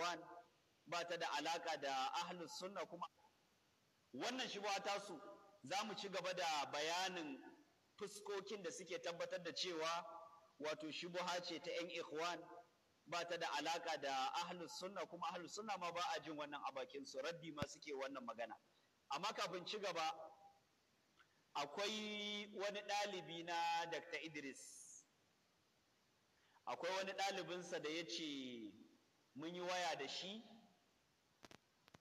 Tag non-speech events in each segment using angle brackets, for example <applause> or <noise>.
ikhwan ba ta da alaka da ahlus sunna kuma wannan ta tasu za mu ci gaba da bayanin fuskokin da suke tabbatar da cewa wato shubha ce ta yan ikhwan ba ta da alaka da ahlus sunna kuma ahlus sunna ma ba a jin wannan a bakin su raddi ma suke wannan magana amma kafin ci gaba akwai wani ɗalibi na Dr. Idris akwai wani ɗalibinsa da ya ce mun yi waya da shi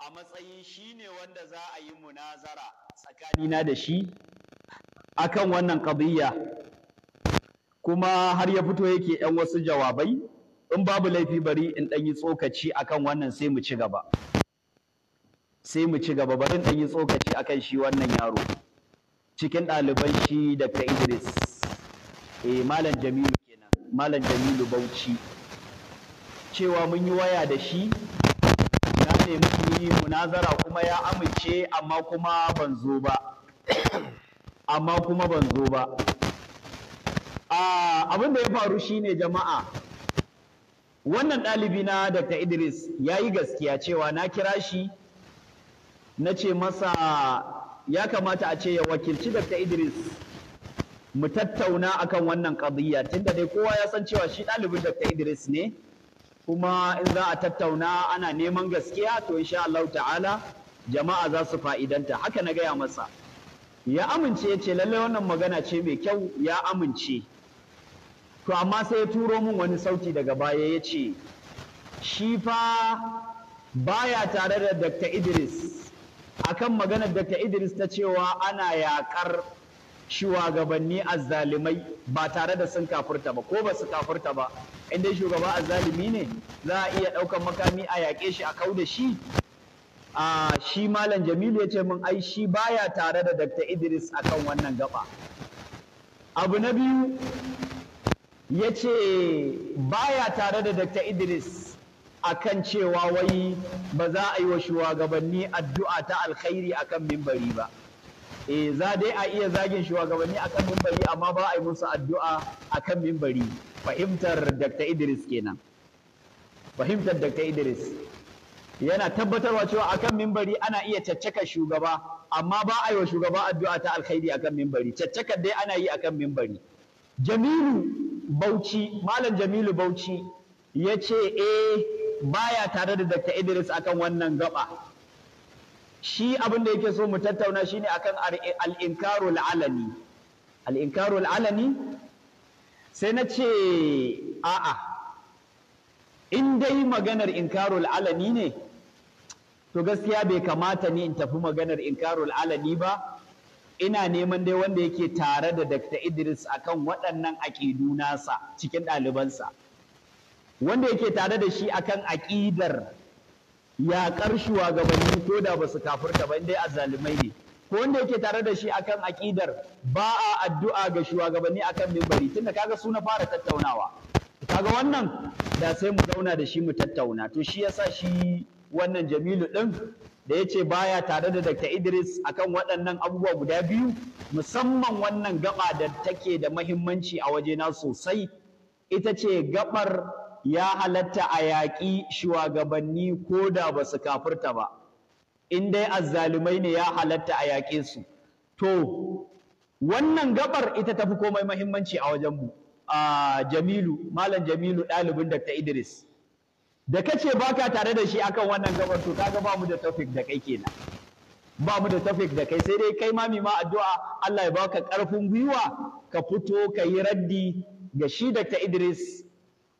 a matsayin shi ne wanda za a yi munazara tsakanina da shi akan wannan qadiyya kuma har ya fito yake yan wasu jawabai in babu laifi bari in ɗan yi tsokaci akan wannan sai mu ci gaba sai mu ci gaba bari in ɗan yi tsokaci akan shi wannan yaro cikin ɗaliban shi Dr. Idris eh malam Jamilu kenan malam Jamilu Bauchi cewa mun yi waya da shi na nemi mu yi munazara kuma ya amince amma kuma ban zo ba <coughs> amma kuma ban zo ba abin da ya faru shine jama'a wannan ɗalibi na Dr. Idris ya yi gaskiya cewa na kira shi na ce masa ya kamata a ce ya wakilci Dr. Idris mu tattauna akan wannan ƙadiyya tunda dai kowa ya san cewa shi ɗalibin Dr. Idris ne kuma in za a tattauna ana neman gaskiya to insha Allah ta'ala jama'a za su fa'idanta haka na gaya masa ya amince ya ce lallai wannan magana ce mai kyau ya amince to amma sai ya turo min wani sauti daga baya ya ce shi fa baya tare da Dr. Idris akan maganar Dr. Idris ta cewa ana yakar shugabanni azzalimai ba tare da sun kafurta ba ko ba su kafurta ba in dai shugaba azzalimi ne za a iya ɗaukan makami a yaƙe shi a kau da shi a shi malam jamilu ya ce min ai shi baya tare da dr idris akan wannan gaba abu na biyu ya ce baya tare da dr idris akan cewa wai ba za a yi wa shugabanni addu'a ta alkhairi akan mimbari ba eh za dai a iya zagin shugabanni akan mimbari amma ba a yi musu addu'a akan mimbari fahimtar Dr. Idris kenan fahimtar Dr. Idris yana tabbatarwa cewa akan mimbari ana iya caccaka shugaba amma ba a yi wa shugaba addu'a ta alkhairi akan mimbari caccakar dai ana yi akan mimbari Jamilu Bauchi Malam Jamilu Bauchi ya ce eh baya tare da Dr. Idris akan wannan gaba shi abin da yake so mu tattauna shine akan al alani al-inkarul alani sai na ce a'a in dai maganar inkarul alani ne to gaskiya bai kamata ni in tafi maganar inkarul alani ba ina neman dai wanda yake tare da Dr. Idris akan waɗannan aƙidu nasa cikin ɗalibansa wanda yake tare da shi akan aƙidar yaƙar shugabanni ko da ba su kafirta ba indai azzalumai ne ko wanda yake tare da shi akan aƙidar ba a addu'a ga shugabanni akan mimbari tunda kaga su na fara tattaunawa kaga wannan da sai mu zauna da shi mu tattauna to shi yasa shi wannan Jamilu ɗin da ya ce baya tare da Dr. Idris akan waɗannan abubuwa guda biyu musamman wannan gaɓa da take da mahimmanci a wajena sosai ita ce gabar ya halatta a yaƙi shugabanni ko da ba su kafirta ba in dai azzalumai ne ya halatta a yaƙe su to wannan gabar ita tafi komai mahimmanci a wajenmu a jamilu malam jamilu ɗalibin dr idris da kace baka tare da shi akan wannan gabar to kaga ba mu da topic da kai kenan ba mu da topic da kai sai dai kai ma ma addu'a Allah ya baka ƙarfin gwiwa ka fito ka yi raddi ga shi Dr. Idris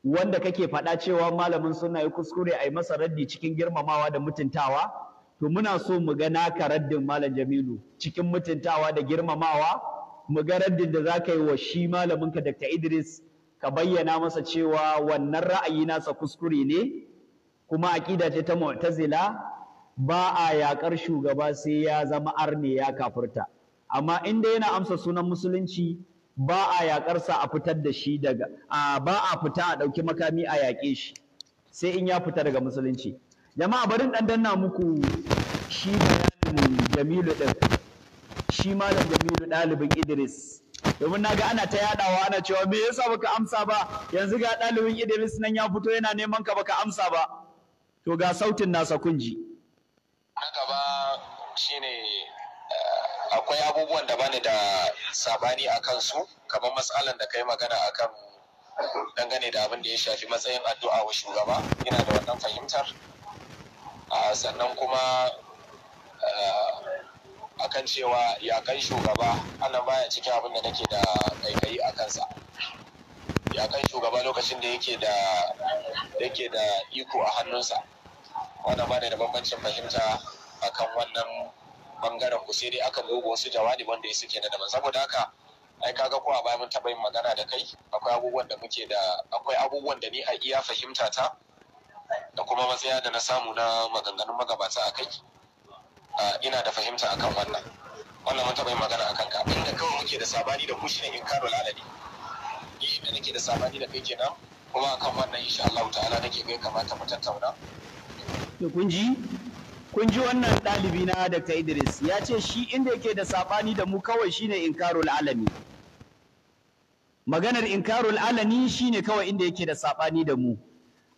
wanda kake faɗa cewa malamin suna yi kuskure a yi masa raddi cikin girmamawa da mutuntawa to muna so mu ga naka raddin malam Jamilu cikin mutuntawa da girmamawa mu ga raddin da zaka yi wa shi malaminka Dr. Idris ka bayyana masa cewa wannan ra'ayi nasa kuskure ne kuma aƙida ce ta Mu'tazila ba a yaƙar shugaba sai ya zama arne ya kafurta. amma inda yana amsa sunan musulunci ba a yaƙarsa a fitar da shi daga a ba a fita a ɗauki makami a yaƙe shi sai in ya fita daga musulunci jama'a bari dan danna muku shi bayanin Jamilu din shi malam Jamilu ɗalibin Idris domin naga ana ta yaɗawa ana cewa me yasa baka amsa ba yanzu ga ɗalibin Idris nan ya fito yana neman ka baka amsa ba to ga sautin nasa kunji na gaba shine akwai abubuwan da bani da sabani a kansu kamar matsalan da kai magana a kan dangane da abin da ya shafi matsayin addu'a wa shugaba ina da wannan fahimtar sannan kuma eh, akan cewa yakan shugaba ana baya cikin abin da nake da kaikayi a kansa yakan shugaba lokacin da yake da yake da iko a hannunsa wannan bani da bambancin fahimta akan wannan bangaren ku sai dai aka zo wasu jawabi wanda ya suke da daban saboda haka ai kaga ko a baya mun taɓa yin magana da kai akwai abubuwan da muke da akwai abubuwan da ni a iya fahimta ta da kuma matsaya da na samu na maganganun magabata a kai ina da fahimta akan wannan wannan mun taɓa yin magana akan ka inda kawai muke da sabani da ku shine karo alali ni da nake da sabani da kai kenan kuma akan wannan insha Allah ta'ala nake ga kamata mu tattauna kun ji kun ji wannan ɗalibi na Dr. Idris ya ce shi inda yake da saɓani da mu kawai shine inkarul alami maganar inkarul alami shine kawai inda yake da saɓani da mu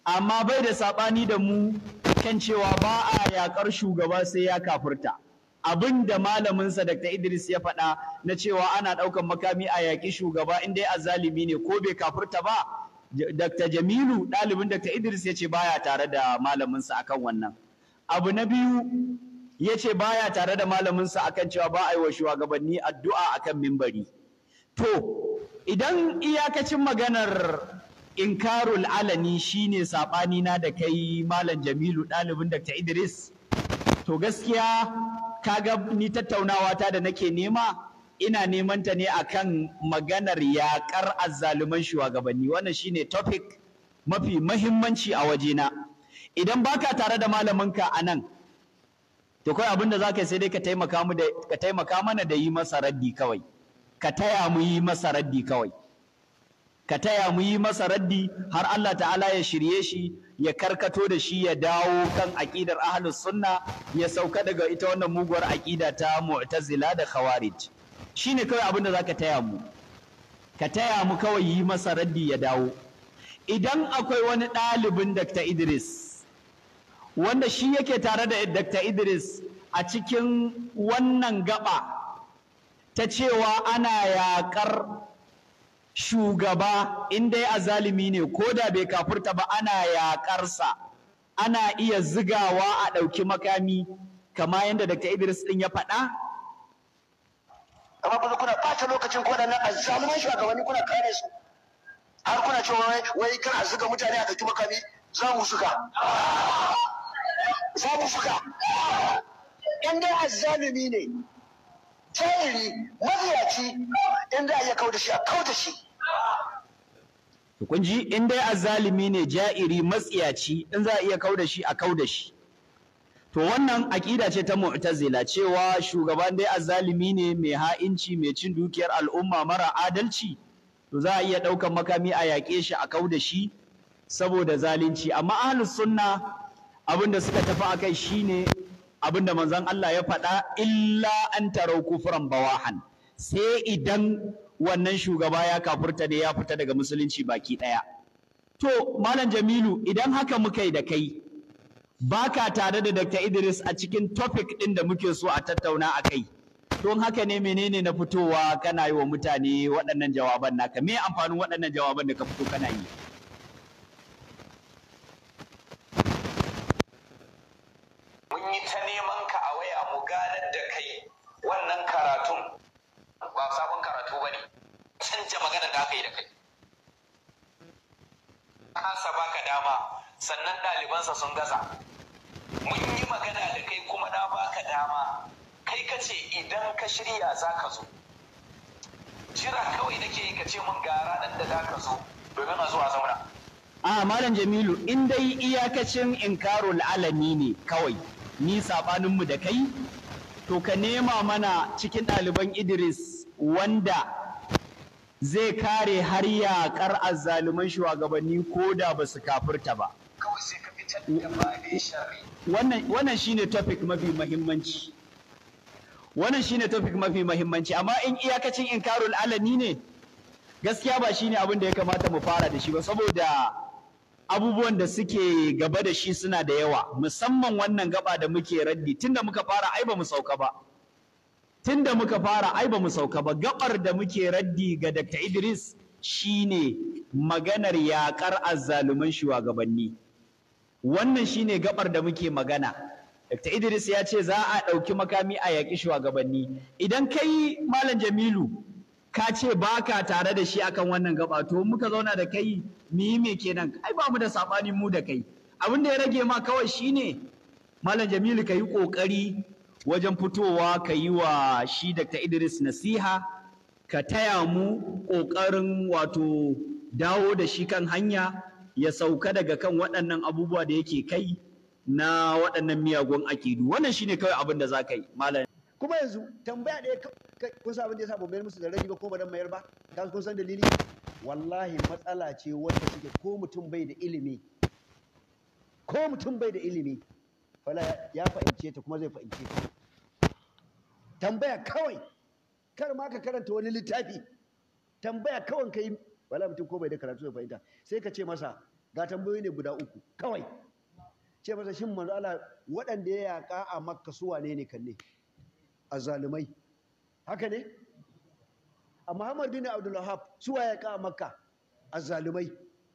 amma bai da saɓani da mu kan cewa ba a yaƙar shugaba sai ya kafurta abin da malaminsa Dr. Idris ya faɗa na cewa ana ɗaukar makami a yaƙi shugaba in dai azalimi ne ko bai kafurta ba Dr. Jamilu ɗalibin Dr. Idris ya ce baya tare da malaminsa akan wannan. abu na biyu ya ce baya tare da malaminsa akan cewa ba a yi wa shugabanni addu'a akan mimbari to idan iyakacin maganar inkarul alani shine saɓani na da kai malam jamilu ɗalibin dr idris to gaskiya kaga ni tattaunawa ta da nake nema ina neman ta ne akan maganar yaƙar azzaluman shugabanni wannan shine topic mafi mahimmanci a wajena idan baka tare da malaminka a nan to kawai abin da za ka sai dai ka taimaka mana da yi masa raddi kawai ka taya mu yi masa raddi kawai ka taya mu yi masa raddi har Allah ta'ala ya shirye shi ya karkato da shi ya dawo kan aƙidar ahlus sunna ya sauka daga ita wannan muguwar aƙida ta mu'tazila da khawarij shine kawai abin da za ka taya mu ka taya mu kawai yi masa raddi ya dawo idan akwai wani ɗalibin Dr. Idris wanda shi yake tare da Dr. Idris a cikin wannan gaba ta cewa ana yaƙar shugaba in dai azalimi ne ko da bai kafurta ba ana yaƙarsa ana iya zigawa a ɗauki makami kama yadda Dr. Idris ɗin ya faɗa? Amma kuma kuna ɓata lokacin ko da na azzaluman shugabanni kuna kare su har kuna cewa wai kan a ziga mutane a ɗauki makami za mu zuga. zaɓuɓɓuka in dai azzalumi ne jahili maziyaci in a ya kauda shi a kauda shi kun in dai azzalumi ne ja'iri matsiyaci in za a iya kauda shi a kauda shi to wannan aƙida ce ta mu'tazila cewa shugaban dai azzalumi ne mai ha'inci mai cin dukiyar al'umma mara adalci to za a iya ɗaukan makami a yaƙe shi a kauda shi saboda zalunci amma ahlus sunna abinda suka tafi a kai shine abinda manzon Allah ya faɗa illa an tarau kufran bawahan sai idan wannan shugaba ya kafurta ne ya fita daga musulunci baki ɗaya to malam Jamilu idan haka muka yi da kai baka tare da Dr. Idris a cikin topic ɗin da muke so a tattauna a kai don haka ne menene na fitowa kana yi wa mutane waɗannan jawaban naka me amfanin waɗannan jawaban da ka fito kana yi mun yi ta neman ka a waya mu ganar da kai wannan karatun ba sabon karatu ba ne canja magana da aka yi da kai kasa baka dama sannan ɗalibansa sun gaza mun yi magana da kai kuma na baka dama kai ka ce idan ka shirya za ka zo jira kawai nake ka ce mun gara nan da za ka zo domin a zuwa zauna a malam jamilu in dai iyakacin inkaro alami ne kawai ni saɓaninmu da kai to ka nema mana cikin ɗaliban idris wanda zai kare har yaƙar azzaluman shugabanni ko da ba su kafirta ba wannan shine topic mafi mahimmanci wannan shine topic mafi mahimmanci amma in iyakacin inkarul alani ne gaskiya ba shine abin da ya kamata mu fara da shi ba saboda abubuwan da suke gaba da shi suna da yawa musamman wannan gaba da muke raddi tunda muka fara ai ba mu sauka ba tunda muka fara ai ba mu sauka ba gabar da muke raddi ga Dr. Idris shine maganar yakar azzaluman shugabanni wannan shine gabar da muke magana Dr. Idris ya ce za a ɗauki makami a yaƙi shugabanni idan kai malam Jamilu ka ce ba ka tare da shi akan wannan gaba to muka zauna da kai mu yi me kenan ai ba mu da saɓani mu da kai abin da ya rage ma kawai shine malam jamilu ka yi ƙoƙari wajen fitowa ka yi wa shi dr idris nasiha ka taya mu ƙoƙarin wato dawo da shi kan hanya ya sauka daga kan waɗannan abubuwa da yake kai na waɗannan miyagun akidu wannan shine kawai abin da za ka yi malam kuma yanzu tambaya ɗaya kun san abin da yasa ban mayar musu da rabi ba ko ba dan mayar ba ka kun san dalili wallahi matsala ce wanda suke ko mutum bai da ilimi ko mutum bai da ilimi fala ya fahimce ta kuma zai fahimce ta tambaya kawai kar ma ka karanta wani littafi tambaya kawai kai wala mutum ko bai da karatu zai fahimta sai ka ce masa ga tambayoyi ne guda uku kawai ce masa shin manzo Allah waɗanda ya yaƙa a makka su wane ne ne? azzalumai haka ne a Muhammad bin abdullahab suwa su waye ka Makka azzalumai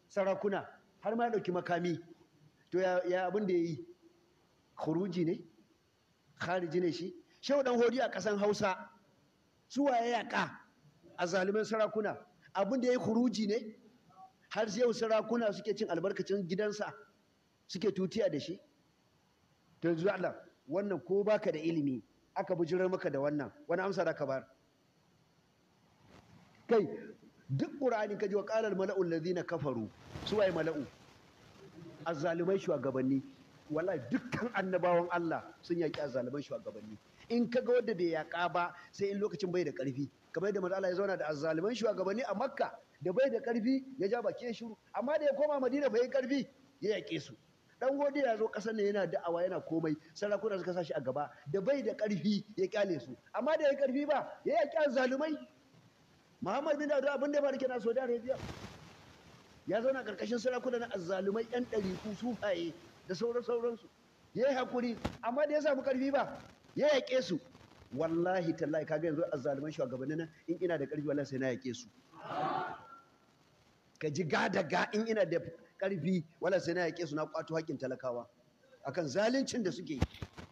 sarakuna har ma ya ɗauki makami to ya abin da yi. khuruji ne khariji ne shi shehu dan hori a kasan Hausa su waye ya a azzaluman sarakuna abin da yi khuruji ne har yau sarakuna suke cin albarkacin gidansa suke tutiya da shi to yanzu Allah wannan ko baka da ilimi aka bujirar maka da wannan wani amsa da ka kai duk ƙura'ani ka ji wa ƙalar mala'u lazina kafaru su waye mala'u azzalumai shugabanni wallahi dukkan annabawan Allah sun yaƙi azzaluman shugabanni in ka ga wanda bai yaƙa ba sai in lokacin bai da ƙarfi kamar yadda Allah ya zauna da azzaluman shugabanni a Makka da bai da ƙarfi ya ja baki ya shiru amma da ya koma Madina bai ƙarfi ya yaƙe su dan gode ya zo kasar ne yana da'awa yana komai sarakuna suka sa shi a gaba da bai da karfi ya kyale su amma da ya karfi ba ya yi kyan zalumai muhammad bin dawud abin da ba na saudi arabia ya zauna karkashin sarakuna na azzalumai yan ɗariku sufaye da sauran sauransu ya yi hakuri amma da ya samu karfi ba ya yaƙe su wallahi tallahi kaga yanzu azzaluman shugabanni nan in ina da karfi wallahi sai na yaƙe su ka ji gada ga in ina da ƙarfi wala sai na yaƙe su na ƙwato haƙƙin talakawa akan zaluncin da suke yi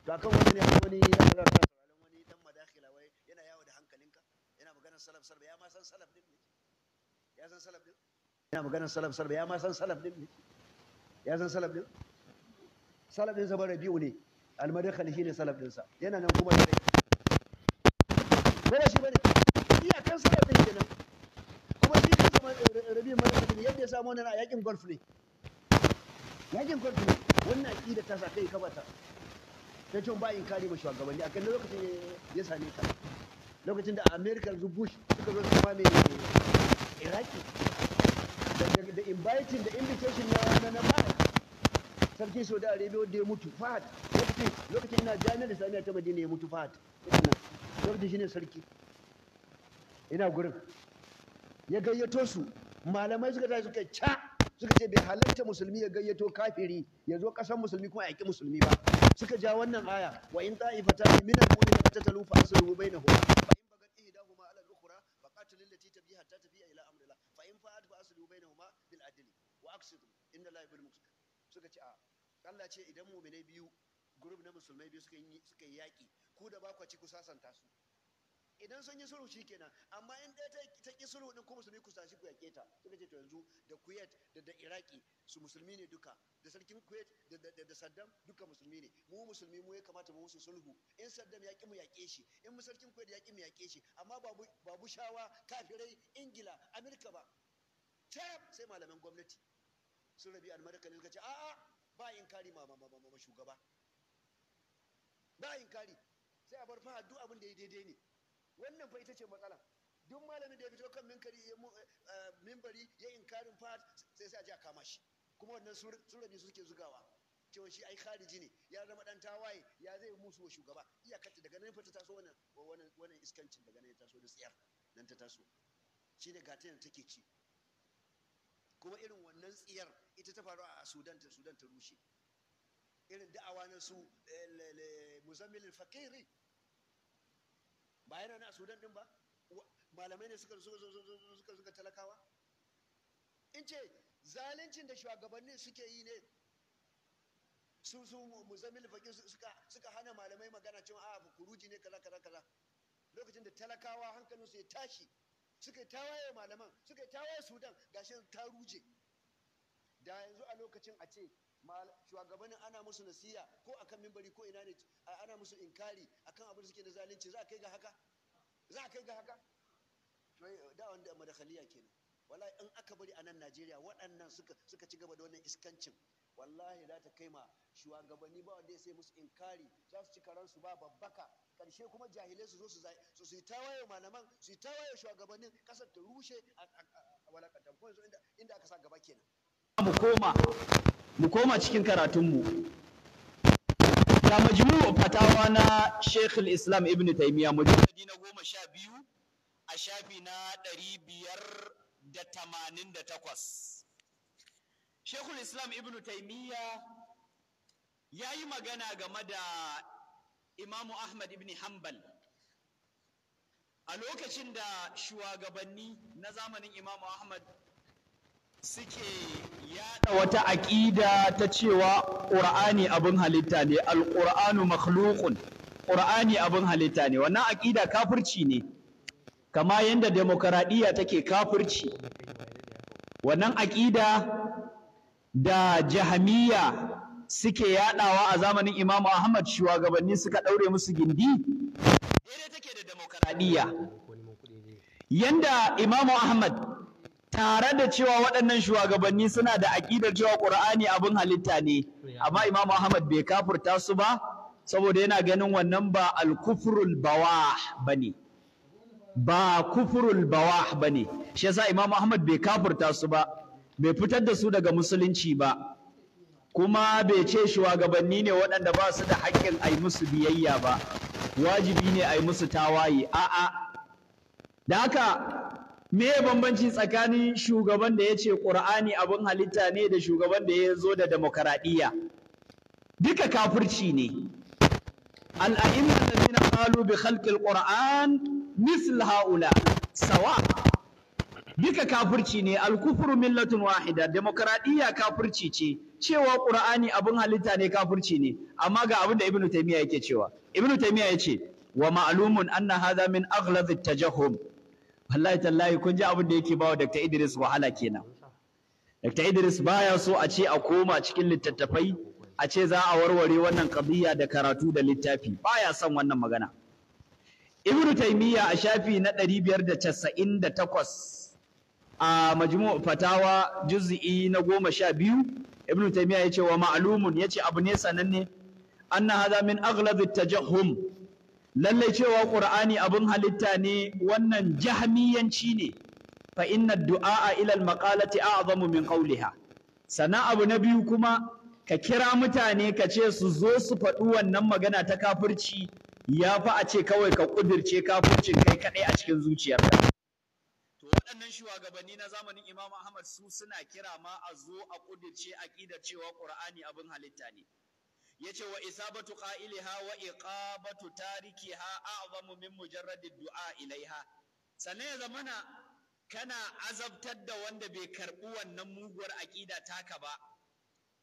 to akan wani ne wani ya fara sauraron wani dan madakhila wai yana yawo da hankalinka yana maganar salaf salaf ya ma san salaf din ya san salaf din yana maganar salaf salaf ya ma san salaf din ya san salaf din salaf din sa rabi'u ne almadakhali shine salaf din sa yana nan kuma da rai ko shi bane iyakan salaf din kenan rabi mana yadda ya samu wannan a yakin golf ne yakin golf ne wannan aƙida ta sa kai kabata ta ce ba in kare ma shugabanni a kan lokacin ya same ta lokacin da america bush suka zo su mame iraki da inviting da invitation na na sarki saudi arabia ya mutu fahad lokacin ina jami'ar islamiyya ta madina ya mutu fahad lokacin ne sarki ina gurin ya gayyato su malamai suka tashi suka ca suka ce bai halatta musulmi ya gayyato kafiri ya zo kasan musulmi kuma yaƙi musulmi ba suka ja wannan aya wa in ta ta'ifata min al-mu'minin qatatalu fa aslihu bainahuma fa in bagat ihdahuma ala al-ukhra fa qatil allati tabiha hatta tabiha ila amrillah fa in fa'at fa aslihu bainahuma bil adli wa aqsidu inna la yuhibbul muqsitin suka ce a Allah ce idan mu'minai biyu gurub na musulmai biyu suka yi suka yi yaƙi ku da ba ku ci ku sasanta su idan sun yi sulhu shikenan amma in ɗaya ta ta ki sulhu din ko musulmi ku sashi ku yake ta suka ce to yanzu da Kuwait da da Iraki su musulmi ne duka da sarkin Kuwait da da, da Saddam duka musulmi ne mu musulmi mu ya kamata mu musu sulhu in Saddam ya ki mu yake shi in musulkin sarkin Kuwait ya ki mu yake shi amma babu babu shawa kafirai Ingila Amerika ba tab sai malaman gwamnati sun rabi almarka ne suka ce a'a ba in kari ma shugaba ba in kari sai a bar fa duk abin da ya daidai ne wannan fa ita ce matsala duk malamin da ya fito kan minkari ya eh, mimbari ya inkarin fat sai sai a ji a kama shi kuma wannan surabi suke zugawa cewa shi ai khariji ne ya zama dan tawaye ya zai musu wa shugaba Iyakarta daga nan fa ta taso wannan wannan iskancin daga nan ya taso da tsiyar nan ta taso Shi ne shine yanzu take ci kuma irin wannan tsiyar ita ta faru a sudan ta sudan ta rushe irin da'awa na su eh, musammanin fakiri ba yana na sudan din ba malamai ne suka suka suka talakawa in ce zaluncin da shugabannin suke yi ne su su muzammil faƙi suka suka hana malamai magana cewa a kuruji ne kaza kaza kaza lokacin da talakawa su ya tashi suka tawaye malaman suka tawaye sudan gashi ta ruje da yanzu a lokacin a ce shugabannin ana musu nasiya ko a kan mimbari ko ina ne ana musu inkari akan abin da suke da zalunci za a kai ga haka za a kai ga haka eh, da wanda madakhaliya kenan wallahi in aka bari a nan Najeriya waɗannan suka suka ci gaba da wannan iskancin wallahi za ta kai ma shugabanni ba wanda ya sai musu inkari za su ci su ba babbaka karshe kuma jahilai su zo su su yi tawaye malaman su yi tawaye shugabannin kasar ta rushe a yanzu inda aka sa gaba kenan mu koma mu koma cikin karatunmu ga majmu fatawa na Sheikh islam Ibn Taymiyyah mujalladi na goma sha biyu a shafi na ɗari biyar da tamanin da takwas Sheikh islam Ibn Taimiyya ya yi magana game da Imamu Ahmad Ibn Hanbal a lokacin da shugabanni na zamanin Imamu Ahmad suke yaɗa wata aƙida ta cewa ƙur'ani abin halitta ne alƙur'anu makhluqun ƙur'ani abin halitta ne wannan aƙida kafirci ne kama yadda demokaradiyya take kafirci wannan aƙida da jahamiyya suke yaɗawa a zamanin imamu ahmad shugabanni suka ɗaure musu gindi daidai take da demokaradiyya yanda imamu ahmad tare da cewa waɗannan shugabanni suna da aƙidar cewa ƙur'ani abin halitta ne amma Imam Ahmad bai kafurta su ba saboda yana ganin wannan ba al bawa ba ne. ba kufrul ba ne. shi yasa Imam Ahmad bai kafurta su ba bai fitar da su daga musulunci ba kuma bai ce shugabanni ne waɗanda ba su da haƙƙin ai musu biyayya ba wajibi ne a yi musu tawaye a'a da haka me bambanci tsakanin shugaban da ya ce ƙur'ani abin halitta ne da shugaban da ya zo da demokaradiyya duka kafirci ne al'a'imma allazina qalu bi khalqil qur'an misl haula sawa duka kafirci ne al-kufru millatun wahida demokaradiyya kafirci ce cewa ƙur'ani abin halitta ne kafirci ne amma ga abin da ibnu taymiya yake cewa ibnu ya yace wa ma'lumun anna hadha min aghlazit tajahhum wallahi tallahi kun ji abin da yake bawa Dr. Idris wahala kenan Dr. Idris baya so a ce a koma cikin littattafai a ce za a warware wannan qadiyya da karatu da littafi baya son wannan magana Ibn Taymiyya a shafi na 598 a majmu' fatawa juz'i na goma sha 12 Ibn ya yace wa ma'lumun ce abu ne sananne anna hadha min aghlab tajahhum lallai cewa ƙur'ani abin halitta ne wannan jahmiyanci ne fa inna du'a ila al-maqalati a'zamu min qawliha sana abu na biyu kuma ka kira mutane ka ce su zo su faɗi wannan magana ta kafirci ya fa a ce kawai ka ƙudirce kafircin kai kaɗai a cikin zuciyarka to waɗannan shugabanni na zamanin Imam Ahmad su suna kira ma a zo a ƙudirce aƙidar cewa ƙur'ani abin halitta ne Ya ce wa isabatu qa'iliha wa iqabatu tarikiha a'zamu min mujarradi du'a ilaiha sannan ya zamana kana azabtar da wanda bai karɓi wannan muguwar aqida taka ba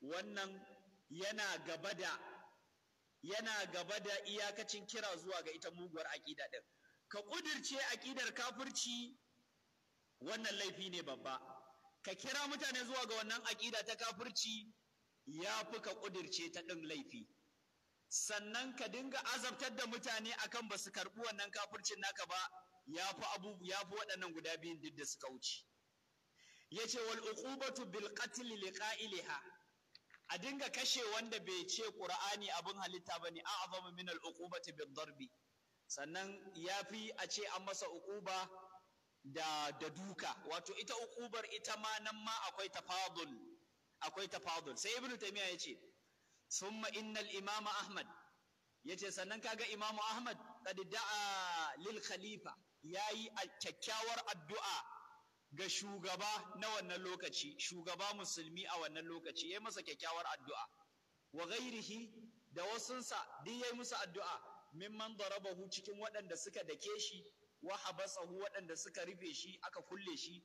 wannan yana gaba da yana gaba da iyakacin kira zuwa ga ita muguwar aqida din ka kudirce aqidar kafirci wannan laifi ne babba ka kira mutane zuwa ga wannan aqida ta kafirci ya fi ka ƙudirce ta ɗin laifi sannan ka dinga azabtar da mutane akan ba su karɓi wannan kafircin naka ba ya fi waɗannan guda biyun duk da suka wuce ya ce wal uqubatu bil qatl li qa'iliha a dinga kashe wanda bai ce qur'ani abin halitta bane a azamu min al uqubati bil darbi sannan ya fi a ce an masa uquba da da duka wato ita uqubar ita ma nan ma akwai tafadul akwai tafadul sai ibnu taymiya yace summa innal imama ahmad yace sannan kaga imamu ahmad qad da'a lil khalifa yayi kyakkyawar addu'a ga shugaba na wannan lokaci shugaba musulmi a wannan lokaci yayi masa kyakkyawar addu'a wa ghairihi da wasunsa duk yayi musu addu'a mimman darabahu cikin waɗanda suka dake shi wa habasahu waɗanda suka rufe shi aka kulle shi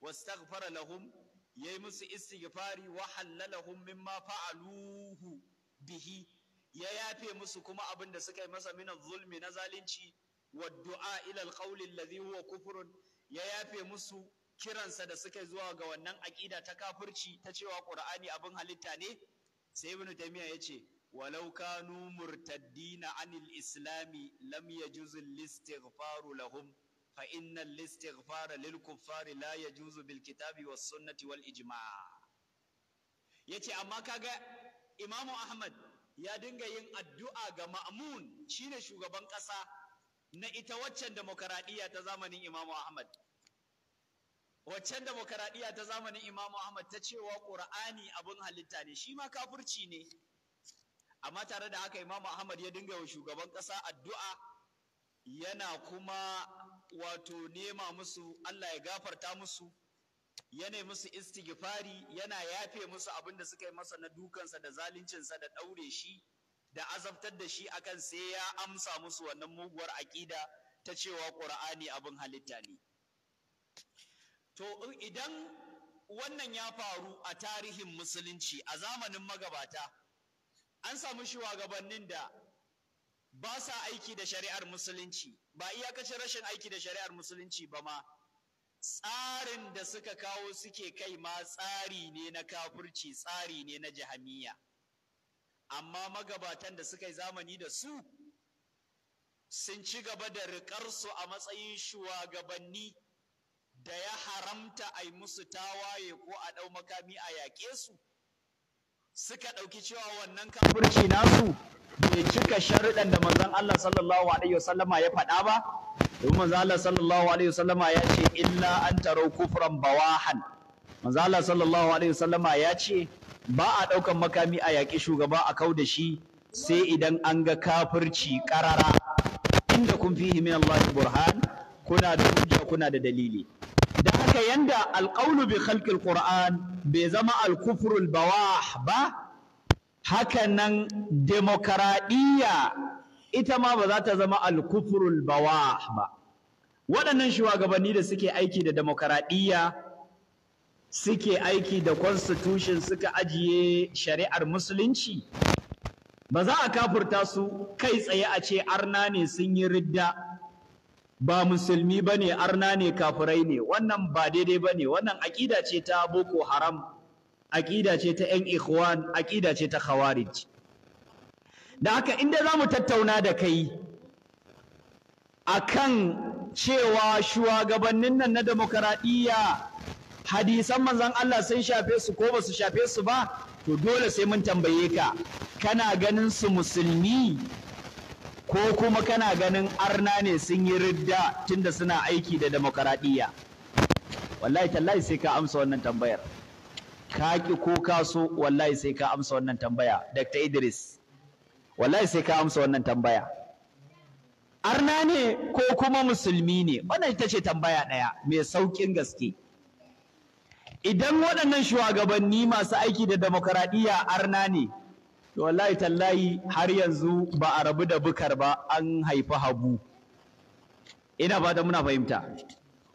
wastaghfara lahum yayi musu istighfari wa halalahum mimma fa'aluhu bihi ya yafe musu kuma abin da suka yi masa min zulmi na zalunci wa du'a ila alqawli alladhi huwa kufrun ya yafe musu kiransa da suka yi zuwa ga wannan aqida ta kafirci ta cewa qur'ani abin halitta ne sai ibnu ya ce, walau kanu murtaddina anil islami lam yajuz al-istighfaru lahum fa innal listighfara lil kuffari la yajuzu bil kitabi was sunnati wal ijma' yace amma kaga Imam Ahmad ya dinga yin addu'a ga Ma'mun shine shugaban ƙasa na ita waccan demokaradiyya ta zamanin Imam Ahmad waccan demokaradiyya ta zamanin Imam Ahmad ta cewa Qur'ani abun halitta ne shi ma kafirci ne amma tare da haka Imam Ahmad ya dinga wa shugaban ƙasa addu'a yana kuma wato nema musu Allah ya gafarta musu yana musu istighfari yana yafe musu abin da suka yi masa na dukansa da zaluncinsa da ɗaure shi da azabtar da shi akan sai ya amsa musu wannan muguwar aƙida ta cewa ƙur'ani abin halitta ne to idan wannan ya faru a tarihin musulunci a zamanin magabata an samu shugabannin da ba sa aiki da shari'ar musulunci ba iyakacin rashin aiki da shari'ar musulunci ba ma tsarin da suka kawo suke kai ma tsari ne na kafurci, tsari ne na jahamiya amma magabatan da suka yi zamani da su sun ci gaba da su a matsayin shugabanni da ya haramta a yi musu tawaye ko a ɗau makami a yaƙe su suka ɗauki cewa wannan kafurci nasu bai cika sharuɗan da manzon Allah sallallahu alaihi wasallama ya faɗa ba domin manzon Allah sallallahu alaihi wasallama ya ce illa an tarau kufran bawahan manzon Allah sallallahu alaihi wasallama ya ce ba a ɗaukan makami a yaƙi shugaba a kau da shi sai idan an ga kafirci ƙarara inda kun fihi min Allah burhan kuna da hujja kuna da dalili da haka yanda alƙaulu bi khalqil qur'an bai zama al-kufrul bawah ba hakanan demokaraɗiyya ita ma ba za ta zama alkufrul bawa ba waɗannan shugabanni da suke aiki da demokaraɗiyya suke aiki da constitution suka ajiye shari'ar musulunci ba za a kafurta su kai tsaye a ce arna ne sun yi ridda ba musulmi ba ne arna ne kafirai ne wannan ba daidai ba ne wannan aƙida ce ta boko haram aƙida ce ta ‘yan ikhwan aƙida ce ta khawarij da haka inda za mu tattauna da kai akan cewa shugabannin nan na demokaradiyya hadisan manzon Allah sun shafe su ko ba su shafe su ba to dole sai mun tambaye ka kana ganin su musulmi ko kuma kana ganin arna ne sun yi ridda tunda suna aiki da demokaradiyya wallahi tallahi sai ka amsa wannan tambayar ka ki ko ka so wallahi sai ka amsa wannan tambaya Dr. Idris wallahi sai ka amsa wannan tambaya arna ne ko kuma musulmi ne wannan ita ce tambaya ɗaya mai sauƙin gaske idan waɗannan shugabanni masu aiki da demokaradiyya arna ne to wallahi tallahi har yanzu ba a rabu da bukar ba an haifi habu ina ba muna fahimta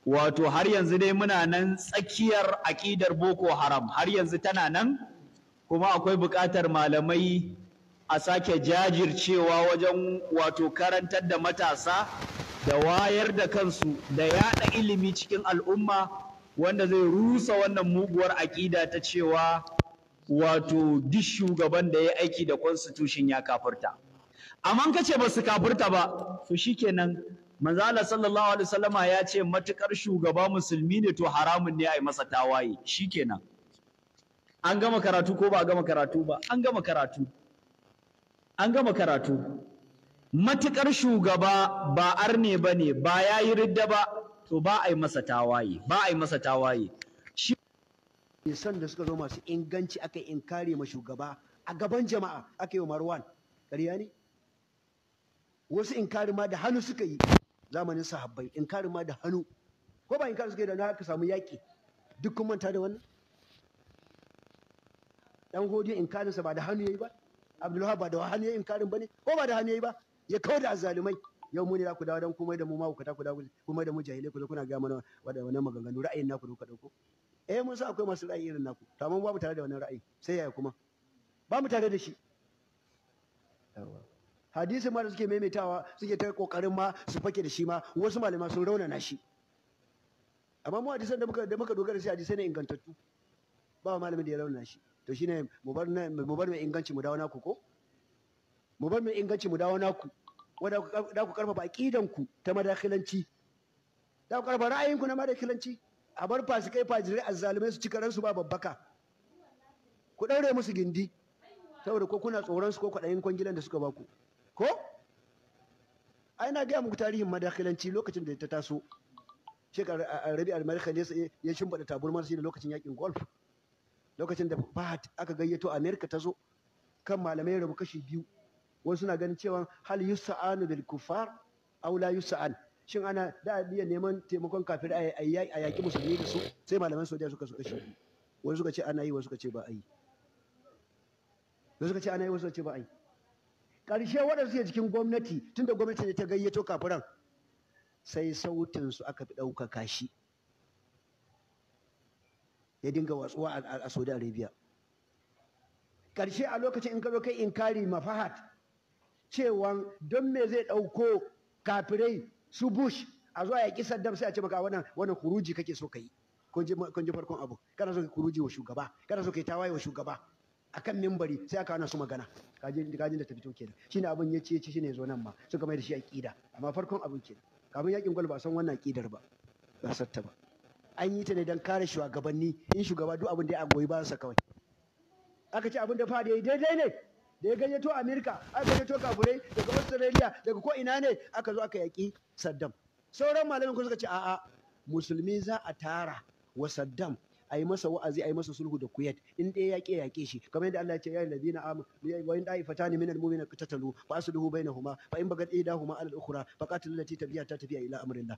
wato har yanzu dai muna nan tsakiyar aƙidar boko haram har yanzu tana nan kuma akwai buƙatar malamai a sake jajircewa wajen wato karantar da matasa da wayar da kansu da yaɗa ilimi cikin al'umma wanda zai rusa wannan muguwar aƙida ta cewa wato duk shugaban da ya aiki da constitution ya kafurta amma ce ba su kafurta ba to shikenan manzo Allah sallallahu alaihi wasallama ya ce matukar shugaba musulmi ne to haramun ne ai masa tawaye shikenan an gama karatu ko ba gama karatu ba an gama karatu an gama karatu matukar shugaba ba arne bane ba yayi ridda ba to ba ai masa tawaye ba ai masa tawaye shi san da suka zo masu inganci aka kare ma shugaba a gaban jama'a aka yi Marwan ƙarya ne wasu inkari ma da hannu suka yi zamanin sahabbai inkarin ma da hannu ko ba in inkarin suke da na ka samu yaƙi duk kun manta da wannan dan in inkarin sa ba da hannu yayi ba abdullahi ba da hannu yayi inkarin bane ko ba da hannu yayi ba ya kawo da azzalumai yau mu ne za ku dawo dan komai da mu ma ku ta ku dawo kuma da mu jahilai ku zo kuna ga mana wannan maganganu ra'ayin naku da kuka dauko eh mun san akwai masu ra'ayi irin naku to amma mu tare da wannan ra'ayi sai yaya kuma ba mu tare da shi yawa hadisi ma da suke maimaitawa suke ta kokarin ma su fake da shi ma wasu malama sun raunana shi amma mu hadisan da muka da muka dogara sai hadisai ne ingantattu ba malamin da ya raunana shi to shine mu bar mu bar mai inganci mu dawo naku ko mu bar mai inganci mu dawo naku wanda da ku karfafa aqidan ku ta madakhilanci da ku karfafa ra'ayin ku na madakhilanci a bar fasikai fajirai azzalumai su cika ransu ba babbaka ku daure musu gindi saboda ko kuna tsoron su ko kwaɗayin kwangilan da suka baku ko ai na gaya muku tarihin madakilanci lokacin da ta taso shekar Rabi al ne ya shimfiɗa taburmar shi da lokacin yakin golf lokacin da Fahad aka gayyato America ta zo kan malamai rabu kashi biyu wasu suna ganin cewa hal yusa'anu bil kufar aw la yusa'an shin ana da iya neman taimakon kafir a yaki musulmi da su sai malaman Saudiya suka suka shi wani suka ce ana yi wasu suka ce ba a yi wasu suka ce ana yi wasu suka ce ba a yi Karshe waɗanda suke cikin gwamnati tunda gwamnati ne ta gayyato kafiran sai sautin su aka fi ɗaukaka shi ya dinga watsuwa a Saudi Arabia Karshe a lokacin in ka zo kai inkari mafahat cewa don me zai ɗauko kafirai su Bush a zuwa yaƙi Saddam sai a ce maka wannan kuruji kake so ka yi kun ji farkon abu kana so ka kuruji wa shugaba kana so ka yi tawaye wa shugaba akan mimbari sai aka hana su magana kajin da ta fito kenan shine abin ya ce shine zo nan ma suka mai da shi aqida amma farkon abin kenan kafin yakin gwal ba san wannan aqidar ba ba satta ba an yi ta ne don kare shugabanni in shugaba duk abin da ya goyi ba sa kawai aka ce abin da fa da yi daidai ne da ya gayyato Amerika aka gayyato kafurai daga Australia daga ko ina ne aka zo aka yaki Saddam sauran malamin ku suka ce a'a musulmi za a tara wa Saddam a yi masa wa'azi a yi masa sulhu da kuyat in ɗaya yaƙe yaƙe shi kamar yadda Allah ya ce ya ladina am wa in da'i fatani min al-mu'mina qatatalu fa asluhu bainahuma fa in bagat idahuma ala al-ukhra fa qatil allati tabiya ta tabiya ila amrillah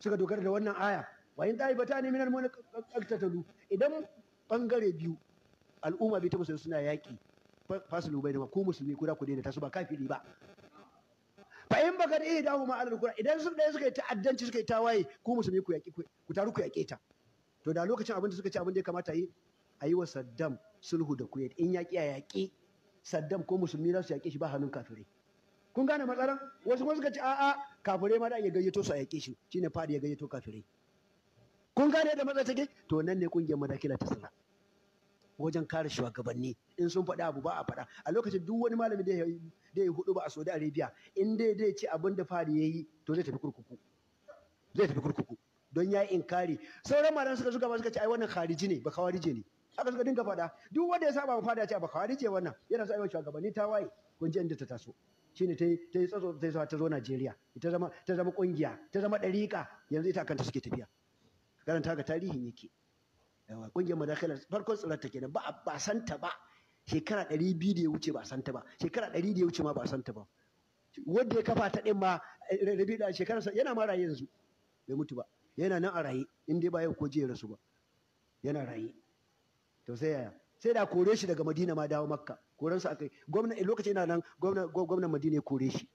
suka dogara da wannan aya wa in da'i fatani min al-mu'mina qatatalu idan bangare biyu al'umma ta tabbata suna yaƙi fasulu bai da ku musulmi ku da ku daina ta su ba kafiri ba fa in baka da idahu ma alal qur'an idan su dai suka yi ta'addanci suka yi tawaye ku musulmi ku yaƙi ku taru ku yaƙe ta to da lokacin abin da suka ce abin da ya kamata yi a yi wa saddam sulhu da kuwait in yaƙi a yaƙi saddam ko musulmi za su yaƙe shi ba hannun kafirai kun gane matsalar wasu kuma suka ce a'a kafirai ma da iya gayyato su a yaƙe shi shine fadi ya gayyato kafirai kun gane yadda matsala take to nan ne kungiyar madakila ta sana wajen kare shugabanni in sun faɗi abu ba a faɗa a lokacin duk wani malami da ya yi hudu ba a Saudi Arabia in dai dai ce abin da fari ya yi to zai tafi kurkuku zai tafi kurkuku don ya inkari sauran malamai suka zuga ba suka ce ai wannan khariji ne ba khawarije ne aka suka dinga faɗa duk wanda ya saba ba fada ce ba khawarije wannan yana so ai shugabanni ta waye kunje inda ta taso shine ta ta yi tsatso ta zo ta zo Najeriya ta zama ta zama kungiya ta zama dariqa yanzu ita kanta suke tafiya karanta ga tarihin yake yawa kungiyar madakalar farkon tsirar ta kenan ba ba ta ba shekara ɗari biyu da ya wuce ba san ta ba shekara ɗari da ya wuce ma ba ta ba wanda ya kafa ta ɗin ma eh, rabi da shekararsa yana mara yanzu bai mutu ba yana nan a raye in dai ba yau ko jiya rasu ba yana raye to sai yaya sai da kore shi daga madina ma dawo makka koran su akai gwamna eh, lokacin yana nan gwamna gwamnan madina ya kore shi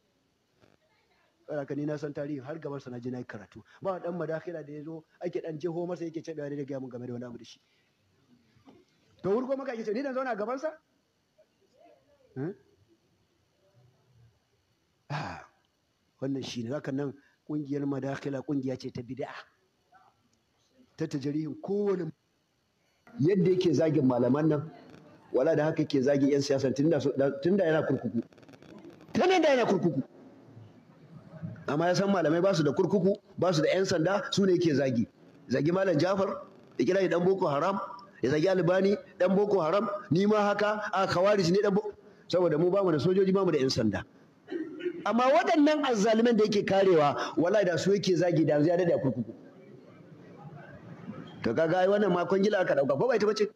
ka ni na san tarihi har gaban sa na ji na karatu ba dan madakhila da yazo ake dan jeho masa yake ce da ga mun game da wani abu da shi to wurgo maka yake ce ni dan zauna gaban sa hm? ah, wannan shi ne zaka nan ƙungiyar madakila ƙungiya ce ta bid'a ta tajarihin kowane yadda yake zagin malaman nan wala da haka ke zagin 'yan siyasa tun da yana kurkuku tun da yana kurkuku amma ya san malamai ba su da kurkuku ba su da 'yan sanda su ne ke zagi zagi malam jafar ya kira shi dan boko haram ya zagi albani dan boko haram ni ma haka a kawarij ne dan boko saboda mu ba mu da sojoji ba mu da 'yan sanda amma waɗannan azzalumin da yake karewa wallahi da su yake zagi da ya dade a kurkuku to kaga ai wannan makon gila aka dauka ko bai ita bace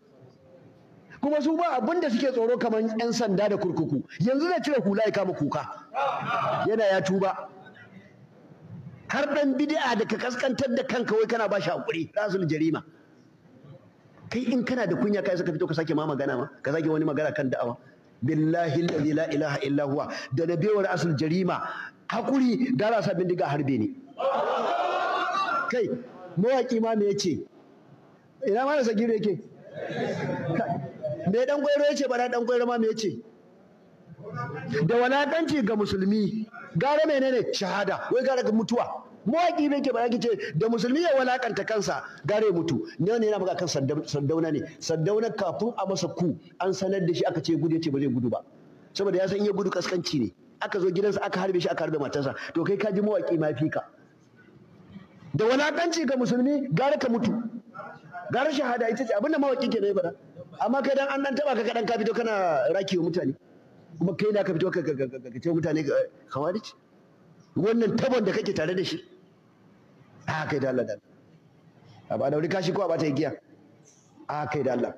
kuma su ba abin da suke tsoro kamar yan sanda da kurkuku yanzu zai cire hula ya kama kuka yana ya tuba har dan bid'a da ka kaskantar da kanka wai kana ba shi hakuri rasul jarima kai in kana da kunya kai saka fito ka sake ma magana ma ka sake wani magana kan da'awa billahi allazi la ilaha illa huwa da da bewar asul jarima hakuri da rasa bindiga harbe ne kai mawaƙi ma me yace ina ma da sagire yake me dan ce yace na dan gwairo ma me yace da walakanci ga musulmi gara menene shahada wai gara ga mutuwa mawaƙi ne ke bayan ki ce da musulmi ya walakanta kansa gare mutu ne ne yana maka kan sandauna ne sandauna kafin a masa ku an sanar da shi aka ce gudu ya ce ba zai gudu ba saboda ya san iya gudu kaskanci ne aka zo gidansa aka harbe shi aka harbe matarsa to kai ka ji mawaƙi ma fi ka da walakanci ga musulmi gare ka mutu gara shahada ita ce abinda mawaƙi ke ne bada amma kai dan an dan taba ka kadan ka fito kana rakiwa mutane kuma kai da ka fito ka ce mutane khawarij wannan tabon da kake tare da shi a kai da Allah da a ba dauri kashi ko a bata igiya a kai da Allah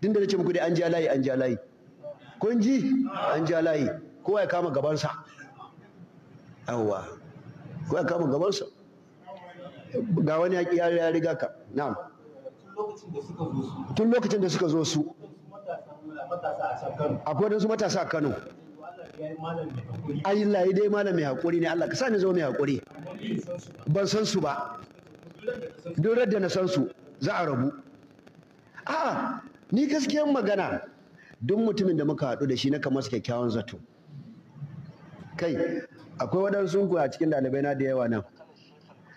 din da nace muku dai an ja layi an ja layi kun ji an ja layi kowa ya kama gabansa yawwa kowa ya kama gabansa ga wani ya riga ka na'am tun lokacin da suka zo su akwai wadansu matasa a Kano ayi layi dai malam mai haƙuri ne Allah ka sa ni zo mai haƙuri ban san su ba duk da na san su za a rabu a'a ni gaskiyar magana duk mutumin da muka haɗu da shi na kamar su kyakkyawan zato kai akwai waɗansu ku a cikin ɗalibai na da yawa nan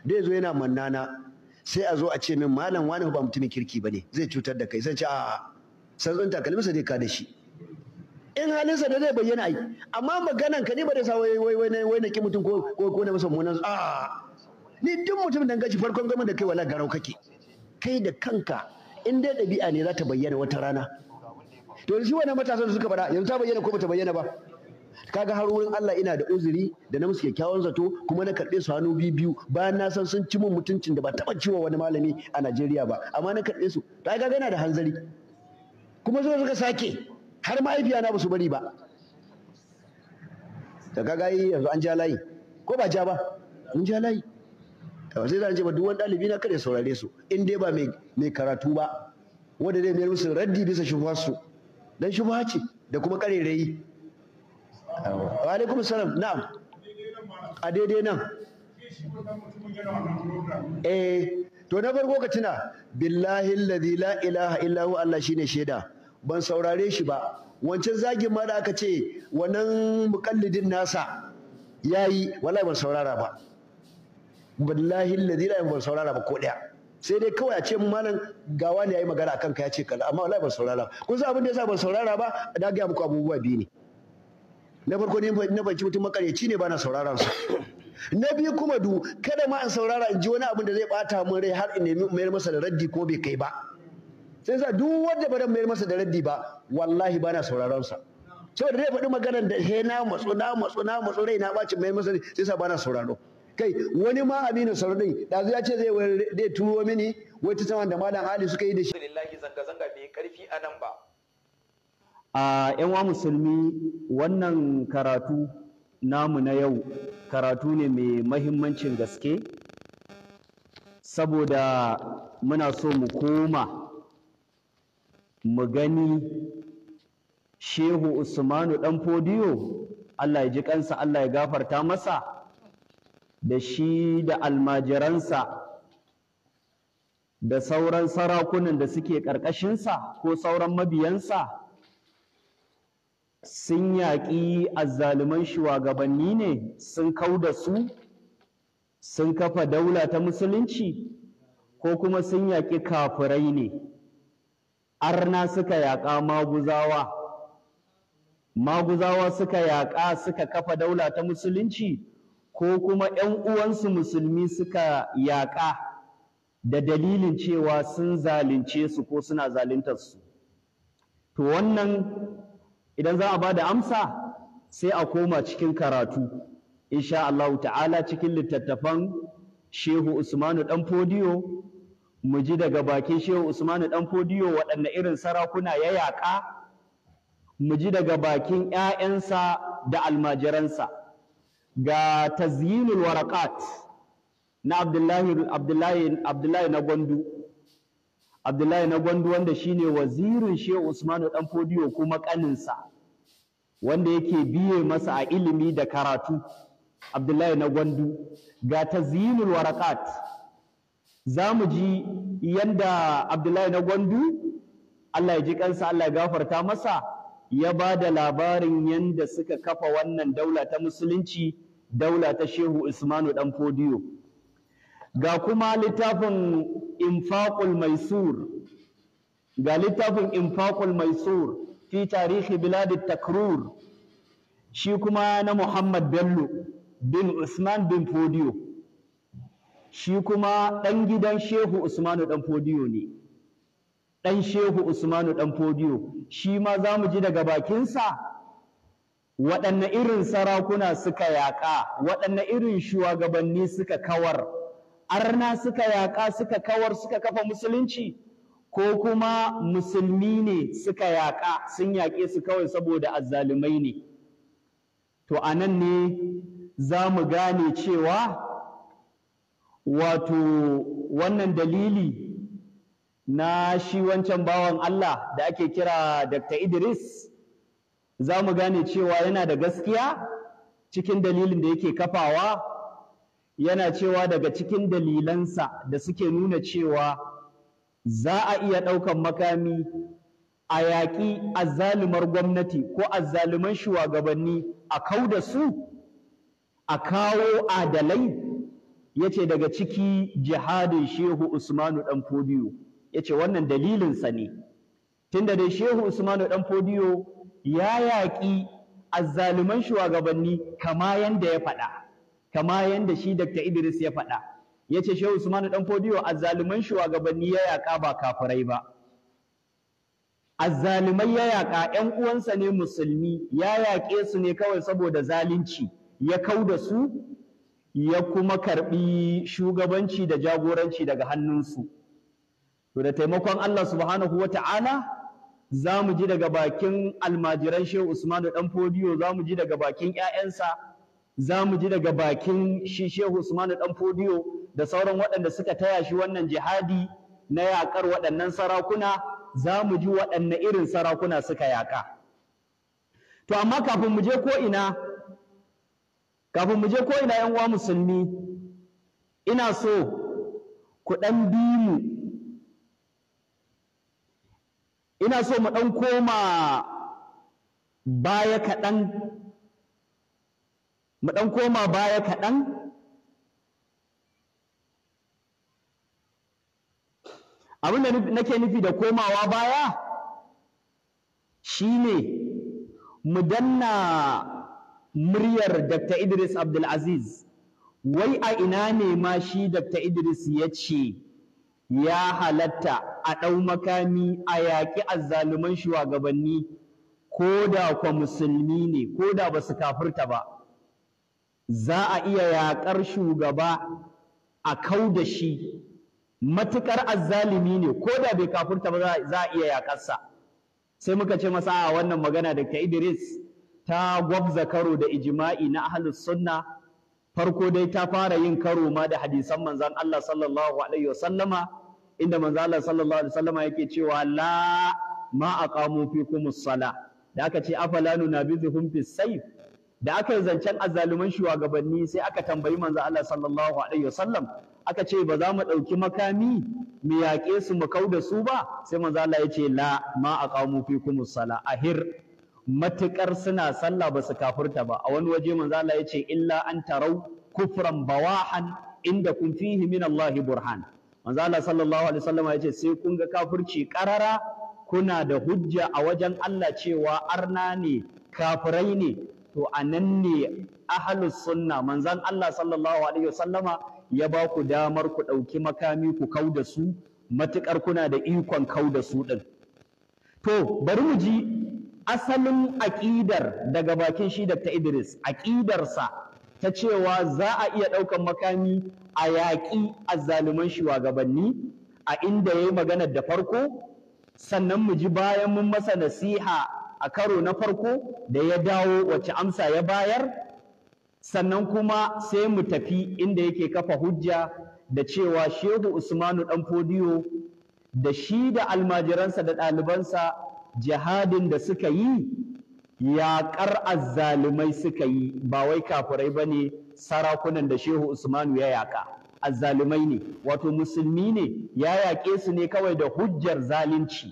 dai zo yana mannana sai a zo a ce min malam wani ba mutumin kirki ba ne zai cutar da kai zan ce a'a san tsunta kalmisa ka da shi in halinsa da zai bayyana ai amma maganan ka ne ba da sa wai wai wai wai na ki mutum ko ko na musamman munan a ni duk mutum dan gashi farkon gaman da kai wala garau kake kai da kanka in dai dabia ne za ta bayyana wata rana to shi wannan matasan da suka faɗa yanzu ta bayyana ko bata bayyana ba kaga har wurin Allah ina da uzuri da na musu kyakkyawan zato kuma na karɓe su hannu biyu biyu bayan na san sun ci mun mutuncin da ba taɓa ciwa wani malami a Najeriya ba amma na karɓe su kaga yana da hanzari kuma suka suka sake har mahaifiya na ba su bari ba da kaga yi yanzu an ja layi ko ba ja ba mun ja layi to sai zan ce ba duk wani ɗalibi na kare ya saurare su in dai ba mai karatu ba wanda zai mayar musu raddi bisa su? dan shubha ce da kuma karerayi wa alaikum salam na'am a daidai nan eh to na farko ka tuna billahi alladhi la ilaha illa huwa Allah shine shaida ban saurare shi ba wancan zagin ma da aka ce wannan mukallidin nasa ya yi wallahi ban saurara ba wallahi alladhi la ban saurara ba ko daya sai dai kawai a ce mun malam gawa ne yayi magana akan ka ya ce kala amma wallahi ban saurara kun san abin da yasa ban saurara ba da ga muku abubuwa biyu ne na farko ne na banci mutum makareci ne bana sauraron su. na biyu kuma du kada ma an saurara in ji wani abin da zai bata min rai har in nemi mayar masa da raddi ko bai kai ba sai sa duk wanda ba mai mayar masa da raddi ba wallahi bana sauraron sa saboda zai faɗi maganar da he na matsu na matsu na matsu rai na ɓaci mai masa sai sa bana sauraro kai wani ma Aminu Sarudin ɗazu ya ce zai zai turo mini wai ta saman da malam Ali suka yi da shi lillahi zanga zanga bai karfi a nan ba a ƴan wa musulmi wannan karatu namu na yau karatu ne mai mahimmancin gaske saboda muna so mu koma mu gani shehu usmanu dan fodiyo Allah ya ji kansa Allah ya gafarta masa da shi da almajiransa da sauran sarakunan da suke ƙarƙashinsa ko sauran mabiyansa sun yaƙi azzaluman shugabanni ne sun kau da su sun kafa daula ta musulunci ko kuma sun yaƙi kafirai ne arna suka yaƙa maguzawa maguzawa suka yaƙa suka kafa daula ta musulunci ko kuma ‘yan uwansu musulmi suka yaƙa da dalilin cewa sun zalunce su ko suna zaluntar su to wannan idan za a ba da amsa sai a koma cikin karatu insha Allah ta'ala cikin littattafan shehu usmanu dan fodiyo mu ji daga bakin shehu usmanu dan fodiyo waɗanne irin sarakuna ya yaƙa mu ji daga bakin ‘ya'yansa da almajiransa ga tazyinul waraqat na abdullahi na gwandu abdullahi na gwandu wanda shine wazirin shehu usmanu dan fodiyo kuma ƙaninsa wanda yake biye masa a ilimi da karatu abdullahi na gwandu ga tazyinul warakat za mu ji yadda abdullahi na gwandu Allah ya ji kansa Allah ya gafarta masa ya ba da labarin yadda suka kafa wannan daula ta musulunci daula ta shehu usmanu dan fodiyo ga kuma littafin infaqul maisur ga littafin infaqul maisur fi tarihi bilad takrur shi kuma na muhammad bello bin usman bin fodiyo shi kuma ɗan gidan shehu usmanu ɗan fodiyo ne ɗan shehu usmanu ɗan fodiyo shi ma za mu ji daga bakinsa waɗanne irin sarakuna suka yaƙa waɗanne irin shugabanni suka kawar arna suka yaƙa suka kawar suka kafa musulunci ko kuma musulmi ne suka yaƙa sun yaƙe su kawai saboda azzalumai ne to a nan ne za mu gane cewa wato wannan dalili na shi wancan bawan Allah da ake kira Dr. Idris za mu gane cewa yana da gaskiya cikin dalilin da yake kafawa yana cewa daga cikin dalilansa da suke nuna cewa za a iya ɗaukan makami a yaƙi azzalumar gwamnati ko azzaluman shugabanni a kau da su a kawo adalai yace daga ciki jihadin Shehu Usmanu dan Fodiyo yace wannan dalilin sa ne tunda dai Shehu Usmanu dan Fodiyo ya yaƙi azzaluman shugabanni kama yanda ya faɗa kama yanda shi Dr. Idris ya faɗa yace Shehu Usmanu dan Fodiyo azzaluman shugabanni ya yaƙa ba kafirai ba azzalumai ya yaƙa ƴan uwansa ne musulmi ya yaƙe su ne kawai saboda zalunci ya kau da su ya kuma karɓi shugabanci da jagoranci daga hannunsu to da taimakon Allah subhanahu wa ta'ala za mu ji daga bakin almajiran shehu usman da fodiyo za mu ji daga bakin 'ya'yansa za mu ji daga bakin shi shehu usmanu da fodiyo da sauran waɗanda suka taya shi wannan jihadi na yaƙar waɗannan sarakuna za mu ji waɗanne irin sarakuna suka yaƙa to amma kafin mu je ko ina kafin mu je ko ina yan uwa musulmi ina so ku ɗan bi mu ina so mu ɗan koma baya kaɗan mu ɗan koma baya kaɗan abin da nake nufi da komawa baya shine mu danna muryar Dr. Idris Abdulaziz wai a ina ne ma shi Dr. Idris ya ce ya halatta a ɗau makami a yaƙi azzaluman shugabanni ko da kwa musulmi ne ko da ba su kafirta ba za a iya yaƙar shugaba a kau da shi matuƙar azzalumi ne ko da bai kafurta ba za a iya yaƙarsa sai muka ce masa a wannan magana Dr. Idris ta gwabza karo da ijima'i na ahlus sunna farko dai ta fara yin karo ma da hadisan manzan Allah sallallahu alaihi inda manzon Allah sallallahu alaihi sallama yake cewa la ma aqamu fikumus sala da aka ce afala nunabizuhum fis sayf da aka yi zancen azzaluman shugabanni sai aka tambayi manzon Allah sallallahu alaihi aka ce ba za mu ɗauki makami mu yaƙe su mu kau da su ba sai manzo Allah ya ce la ma aqamu fikumus sala ahir matuƙar suna sallah ba su kafurta ba a wani waje manzo Allah ya ce illa an tarau kufran bawahan inda kun fihi min Allah burhan manzo Allah sallallahu alaihi wasallam ya ce sai kun ga kafurci karara kuna da hujja a wajen Allah cewa arna ne kafirai ne to anan ne ahlus sunna manzon Allah sallallahu alaihi wasallama ya ba ku damar ku ɗauki makami ku kau da su matuƙar kuna da ikon kau da su ɗin to bari mu ji asalin aƙidar daga bakin shi Dr. Idris aƙidarsa ta cewa za a iya ɗaukan makami a yaƙi azzaluman shugabanni a inda ya yi maganar da farko sannan mu ji bayan mun masa nasiha a karo na farko da ya dawo wacce amsa ya bayar sannan kuma sai mu tafi inda yake kafa hujja da cewa shehu usmanu ɗan fodiyo da shi da almajiransa da ɗalibansa jihadin da suka yi yaƙar azzalumai suka yi ba wai kafurai ba ne sarakunan da shehu usmanu ya yaƙa azzalumai ne wato musulmi ne ya yaƙe su ne kawai da hujjar zalunci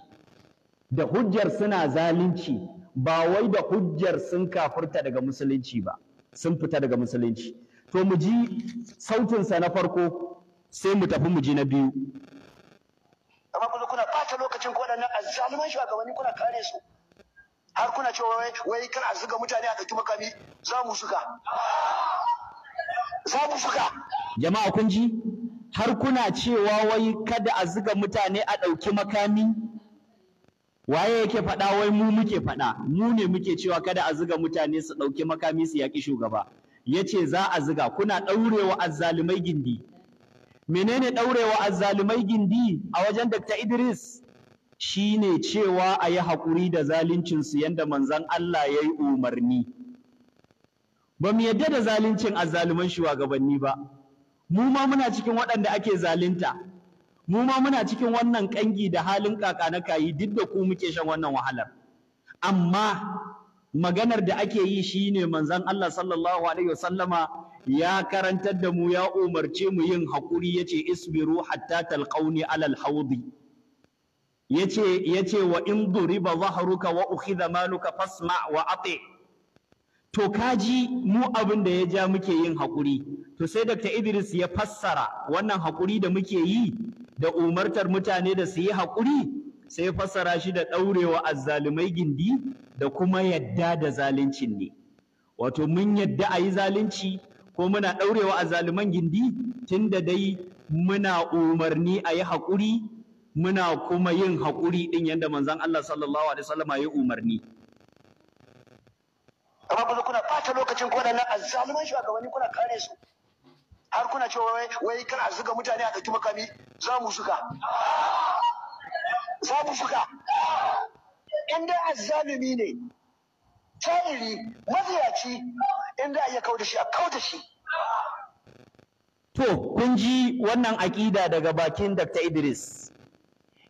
da hujjar suna zalunci ba wai da hujjar sun kafurta daga musulunci ba sun fita daga musulunci to mu ji sautinsa na farko sai mu tafi mu ji na biyu kuna lokacin ko waɗannan azzaluman shugabanni kuna kare su har kuna cewa wai wai kan a zuga mutane a ɗauki makami za mu suka? za mu suka jama'a kun ji har kuna cewa wai kada a zuga mutane a ɗauki makami waye yake faɗa wai mu muke faɗa mu ne muke cewa kada a zuga mutane su ɗauki makami su yaƙi shugaba Ya ce za a zuga kuna ɗaurewa azzalumai gindi menene ɗaurewa azzalumai gindi a wajen Dr. Idris shi ne cewa a yi haƙuri da zaluncinsu yadda Manzon Allah ya yi umarni. Ba mu yadda da zaluncin azzaluman shugabanni ba, mu ma muna cikin waɗanda ake zalunta, mu ma muna cikin wannan ƙangi da halin kaka na kayi duk da ku muke shan wannan wahalar. Amma maganar da ake yi shi ne manzan Allah sallallahu Alaihi wasallama ya karantar da mu ya umarce mu yin haƙuri ya ce isbiru hatta talƙauni alal haudi. yace yace wa in duriba zahruka wa ukhidha maluka fasma wa ati to kaji mu abin da ya ja muke yin hakuri to sai Dr. Idris ya fassara wannan hakuri da muke yi da umartar mutane da su yi hakuri sai ya fassara shi da daurewa azzalumai gindi da kuma yadda da zaluncin ne wato mun yadda ayi zalunci ko muna daurewa azzaluman gindi tunda dai muna umarni a yi hakuri muna kuma yin haƙuri ɗin yadda manzan Allah sallallahu alaihi wasallama ya umarni amma ba kuna ɓata lokacin ko nan azzaluman shugabanni kuna kare su har kuna cewa wai wai kar a zuga mutane a ɗauki makami za mu suka. za mu suka? in dai azzalumi ne tariri maziyaci in da ya kauda shi a kauda shi to kun ji wannan aƙida daga bakin Dr. Idris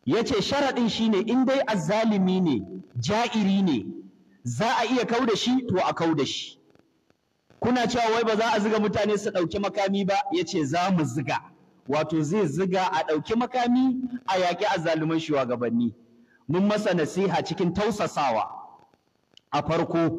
Ya ce sharaɗin shi ne in dai azzalimi ne ja'iri ne za a iya kau da shi to a kau da shi kuna cewa wai ba za a ziga mutane su ɗauki makami ba Ya ce za mu ziga wato zai ziga a ɗauki makami a yaƙi azzaluman shugabanni mun masa nasiha cikin tausasawa a farko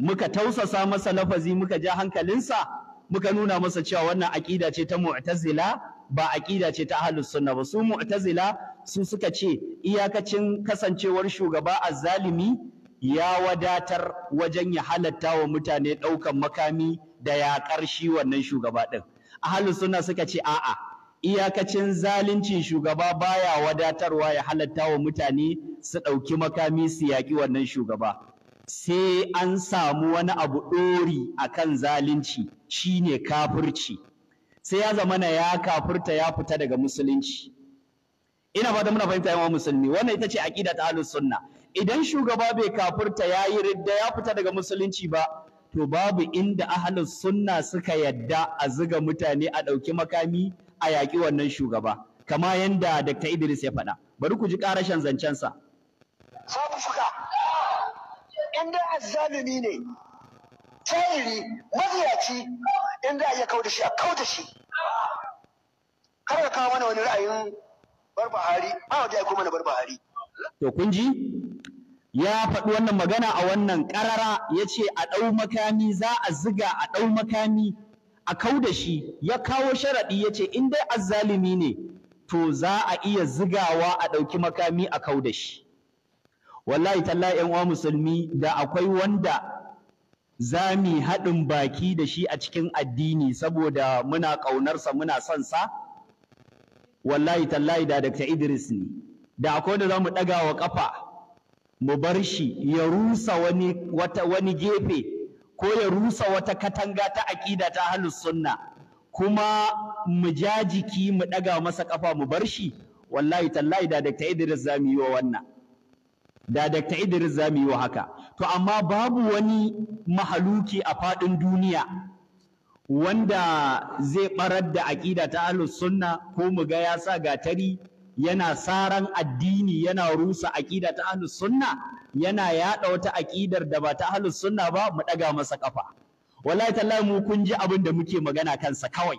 muka tausasa masa lafazi muka ja hankalinsa muka nuna masa cewa wannan aƙida ce ta mu'tazila ba aƙida ce ta ahlus sunna ba su mu'tazila su suka ce iyakacin kasancewar shugaba azzalimi ya wadatar wajen ya halatta wa mutane ɗaukan makami da ya shi wannan shugaba ɗin ahalus suna suka ce a'a iyakacin zaluncin shugaba baya wadatarwa ya halatta wa mutane su ɗauki makami su yaƙi wannan shugaba sai an samu wani abu ɗori kan zalunci shine kafirci sai ya zamana ya kafirta ya fita daga musulunci ina fata muna fahimta yawan musulmi wannan ita ce aƙida ta ahlus sunna idan shugaba bai kafurta ya yi ridda ya fita daga musulunci ba to babu inda ahlus sunna suka yadda a zuga mutane a ɗauki makami a yaƙi wannan shugaba kama yanda Dr. Idris ya faɗa bari ku ji ƙarashin zancensa babu fuka in da azzalumi ne tayiri maziyaci in da ya kauda shi a kauda shi kar ka kawo mana wani ra'ayin ya to kun ji ya faɗi wannan magana a wannan ƙarara ya ce a ɗau makami za a ziga a ɗau makami a kau da shi ya kawo sharaɗi ya ce in dai azzalimi ne to za a iya zigawa a ɗauki makami a kau da shi wallahi talla ƴan uwa musulmi da akwai wanda za mu haɗin baki da shi a cikin addini saboda muna ƙaunarsa muna son sa wallahi tallahi da Dr. Idris ne da akwai da zamu ɗaga wa ƙafa mu bar shi ya rusa wani wata wani gefe ko ya rusa wata katanga ta aƙida ta halus sunna kuma mu ja jiki mu ɗaga masa ƙafa mu bar shi wallahi tallahi da Dr. Idris zamu yi wa wannan da Dr. Idris zamu yi wa haka to amma babu wani mahaluki a faɗin duniya wanda zai barar da aƙida ta ahlus sunna ko mu ga ya sa gatari yana saran addini yana rusa aƙida ta ahlus sunna yana yaɗa wata aƙidar da ba ta ahlus sunna ba mu ɗaga masa ƙafa wallahi tallahi mu kun ji abin da muke magana kansa kawai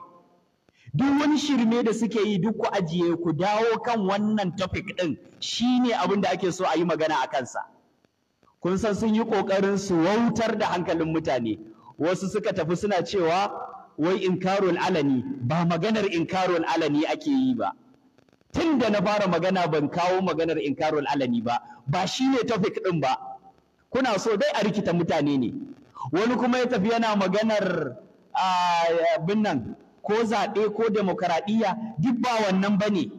duk wani shirme da suke yi duk ku ajiye ku dawo kan wannan topic ɗin shine abin da ake so a yi magana a kansa kun san sun yi ƙoƙarin su wautar da hankalin mutane wasu suka tafi suna cewa wai inkarul alani ba maganar inkarul alani ake yi ba tun na fara magana ban kawo maganar inkarul alani ba ba shi ne topic ɗin ba kuna so dai a rikita mutane ne wani kuma ya tafi yana maganar abin nan ko zaɓe ko demokaradiyya duk ba wannan ba ne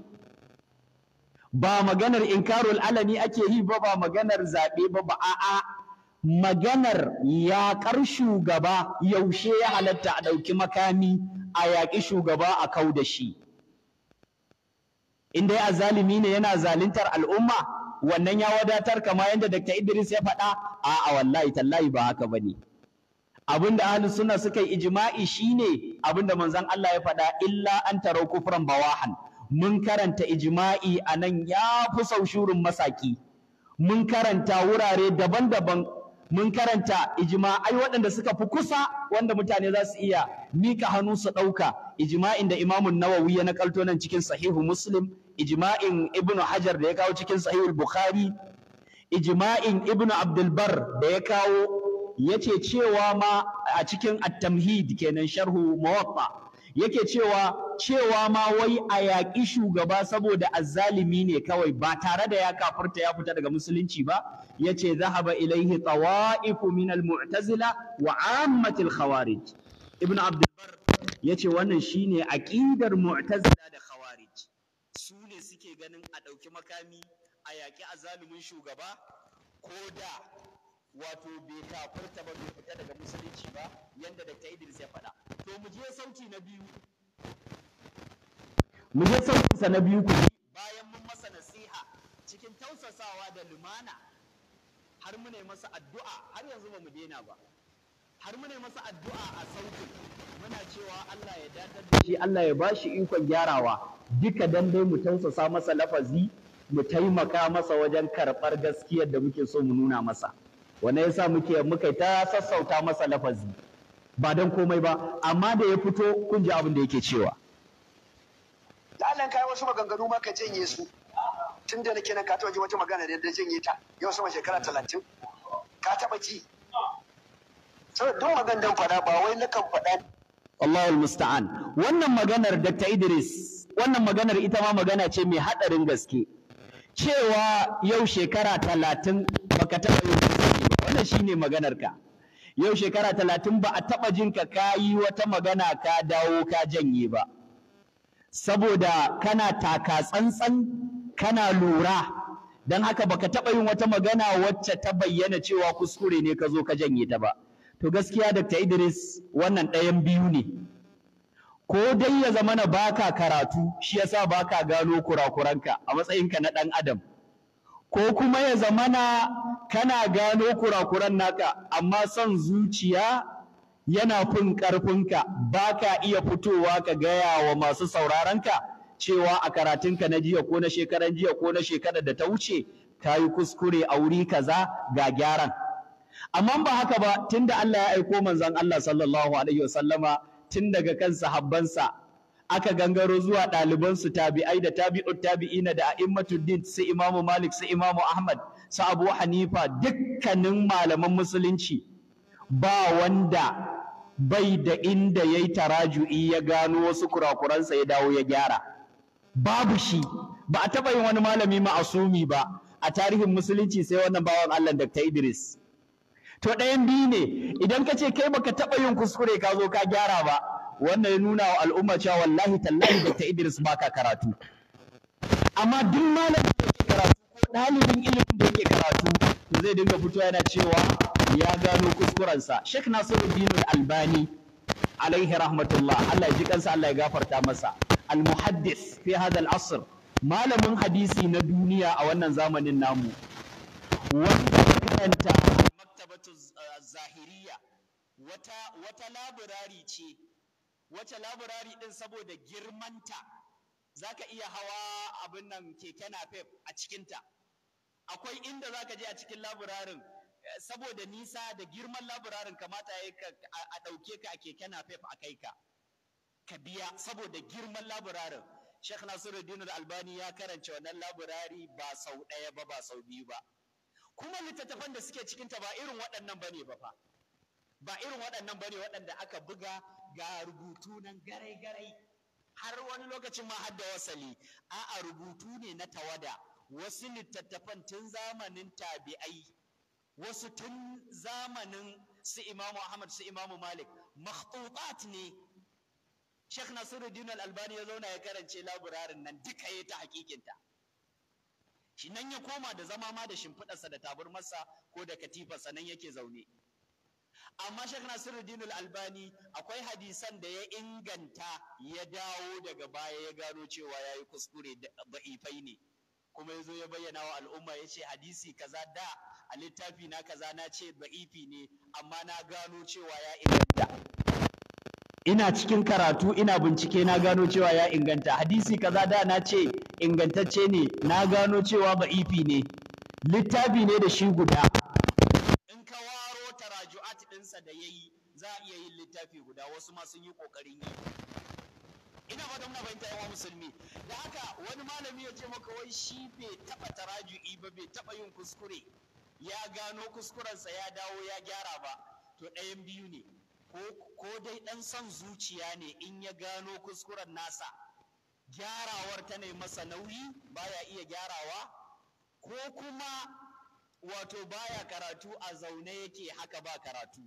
ba maganar inkarul alani ake yi ba ba maganar zaɓe ba ba a'a maganar ya yaƙar shugaba yaushe ya halatta a ɗauki makami a yaƙi shugaba a kau da shi in dai zalimi ne yana zaluntar al'umma wannan ya wadatar kama yadda Dr. Idris ya faɗa a'a wallahi tallahi ba haka ba bane abinda ahlus suna suka yi ijma'i shine abinda manzon Allah ya faɗa illa an taro kufran bawahan mun karanta a nan ya fi sau shurin masaki mun karanta wurare daban-daban mun karanta ijma'ai waɗanda suka fi kusa wanda mutane za su iya mika hannu su ɗauka ijma'in da Imamun Nawawi ya nakalto nan cikin Sahihu Muslim ijma'in Ibn Hajar da ya kawo cikin Sahihu Bukhari Ijima'in Ibn Abdulbar da ya kawo yace cewa ma a cikin at kenan sharhu Muwatta yake cewa cewa ma wai a yaƙi shugaba saboda azzalimi ne kawai ba tare da ya kafirta ya fita daga musulunci ba yace zahaba ilaihi tawa'ifu min al-mu'tazila wa ammatil khawarij ibn abd yace wannan shine aqidar mu'tazila da khawarij su ne suke ganin a ɗauki makami a yaƙi azzalimin shugaba ko da wato bai kafirta ba bai fita daga musulunci ba yanda da Idris ya faɗa to mu je sauti na biyu mu je sautinsa na biyu ku bayan mun masa nasiha cikin tausasawa da lumana har mu ne masa addu'a har yanzu ba mu daina ba har mu ne masa addu'a a sautin muna cewa Allah ya dadar da shi Allah ya bashi ikon gyarawa duka dan dai mu tausasa masa lafazi mu taimaka masa wajen karɓar gaskiyar da muke so mu nuna masa wannan yasa muke muka ta sassauta masa lafazi ba don komai ba amma da ya fito kun ji abin da yake cewa Allah kai wasu maganganu ma ka janye su tun da nake nan ka taɓa ji wata magana da yadda janye ta yau sama shekara talatin ka taɓa ji saboda duk magandan faɗa ba wai na kan faɗa Allahul musta'an wannan maganar Dr. Idris wannan maganar ita ma magana ce mai haɗarin gaske cewa yau shekara talatin baka taɓa yin wannan shine maganar ka yau shekara talatin ba a taɓa jin ka kayi wata magana ka dawo ka janye ba saboda kana taka tsantsan kana lura don haka baka taɓa yin wata magana wacce ta bayyana cewa kuskure ne ka zo ka janye ta ba to gaskiya Dr. Idris wannan ɗayan biyu ne ko dai ya zamana baka karatu shi yasa baka gano kurakuranka a matsayinka na ɗan adam ko kuma ya zamana kana gano kurakuran naka amma son zuciya yana fin ƙarfinka ba ka iya fitowa ka gaya wa masu saurarenka cewa a karatunka na jiya ko na shekaran jiya ko na shekarar da ta wuce ka yi kuskure a wuri kaza ga gyaran amma ba haka ba tunda Allah ya aiko manzon Allah sallallahu alaihi wasallama tun daga kan sahabbansa aka gangaro zuwa ɗalibansu tabi'ai da tabi'ut tabi'ina da din su imamu malik su imamu ahmad su abu hanifa dukkanin malaman musulunci ba wanda bai da inda yayi taraju'i ya gano wasu kurakuransa ya dawo ya gyara babu shi ba a taɓa yin wani malami ma'asumi ba a tarihin musulunci sai wannan bawan allah dr idris to ɗayan biyu ne idan ka ce kai baka taba yin kuskure ka zo ka gyara ba wannan ya nuna wa al'umma cewa wallahi tallahi ta Idris baka karatu amma duk malamin da yake karatu ko dalibin ilimin da yake karatu zai dinga fitowa yana cewa ya gano kuskurensa Sheikh Nasiruddin Albani alaihi rahmatullah Allah ya ji kansa Allah ya gafarta masa Almuhaddis muhaddis fi hada al-asr malamin hadisi na duniya a wannan zamanin namu wanda karanta maktabatu eh, zahiriya wata wata laburari ce wace laburari din saboda girmanta za ka iya hawa abin nan keke napep a cikinta akwai inda za ka je a cikin laburarin eh, saboda nisa da girman laburarin kamata ya a ɗauke ka a keke napep a kai ka ka biya saboda girman laburarin Sheikh Nasiruddin Albani ya karance wannan laburari ba sau ɗaya ba ba sau biyu ba kuma littattafan da suke cikinta ba irin waɗannan bane ba fa ba irin waɗannan bane waɗanda aka buga ga rubutu nan garai-garai har wani lokacin ma har da wasali a'a rubutu ne na tawada wasu littattafan tun zamanin tabi'ai wasu tun zamanin su imamu ahmad su imamu malik makhtutat ne Sheikh Nasiruddin Al-Albani ya zauna ya karance laburarin nan duka yayi ta hakikinta shi nan ya koma da zama ma da shimfiɗarsa da taburmarsa ko da katifarsa nan yake zaune amma Sheikh Nasiruddin Al-Albani akwai hadisan da ya inganta ya dawo daga baya ya gano cewa ya yi kuskure da'ifai ne kuma yazo ya bayyana wa al'umma ya ce hadisi kaza da a littafi na kaza na ce da'ifi ne amma na gano cewa ya inganta ina cikin karatu ina bincike na gano cewa ya inganta hadisi kaza da na ce ingantacce ne na gano cewa ba'ifi ne littafi ne da shi guda littafi guda wasu ma sun yi kokarin yi ina fata muna fahimta yawa musulmi da haka wani malami ya ce maka wai shi bai taɓa taraju'i ba bai taba yin kuskure ya gano kuskurensa ya dawo ya gyara ba to ɗayan biyu ne ko dai ɗan son zuciya ne in ya gano kuskuren nasa gyarawar ta ne masa nauyi baya iya gyarawa ko kuma wato baya karatu a zaune yake haka ba karatu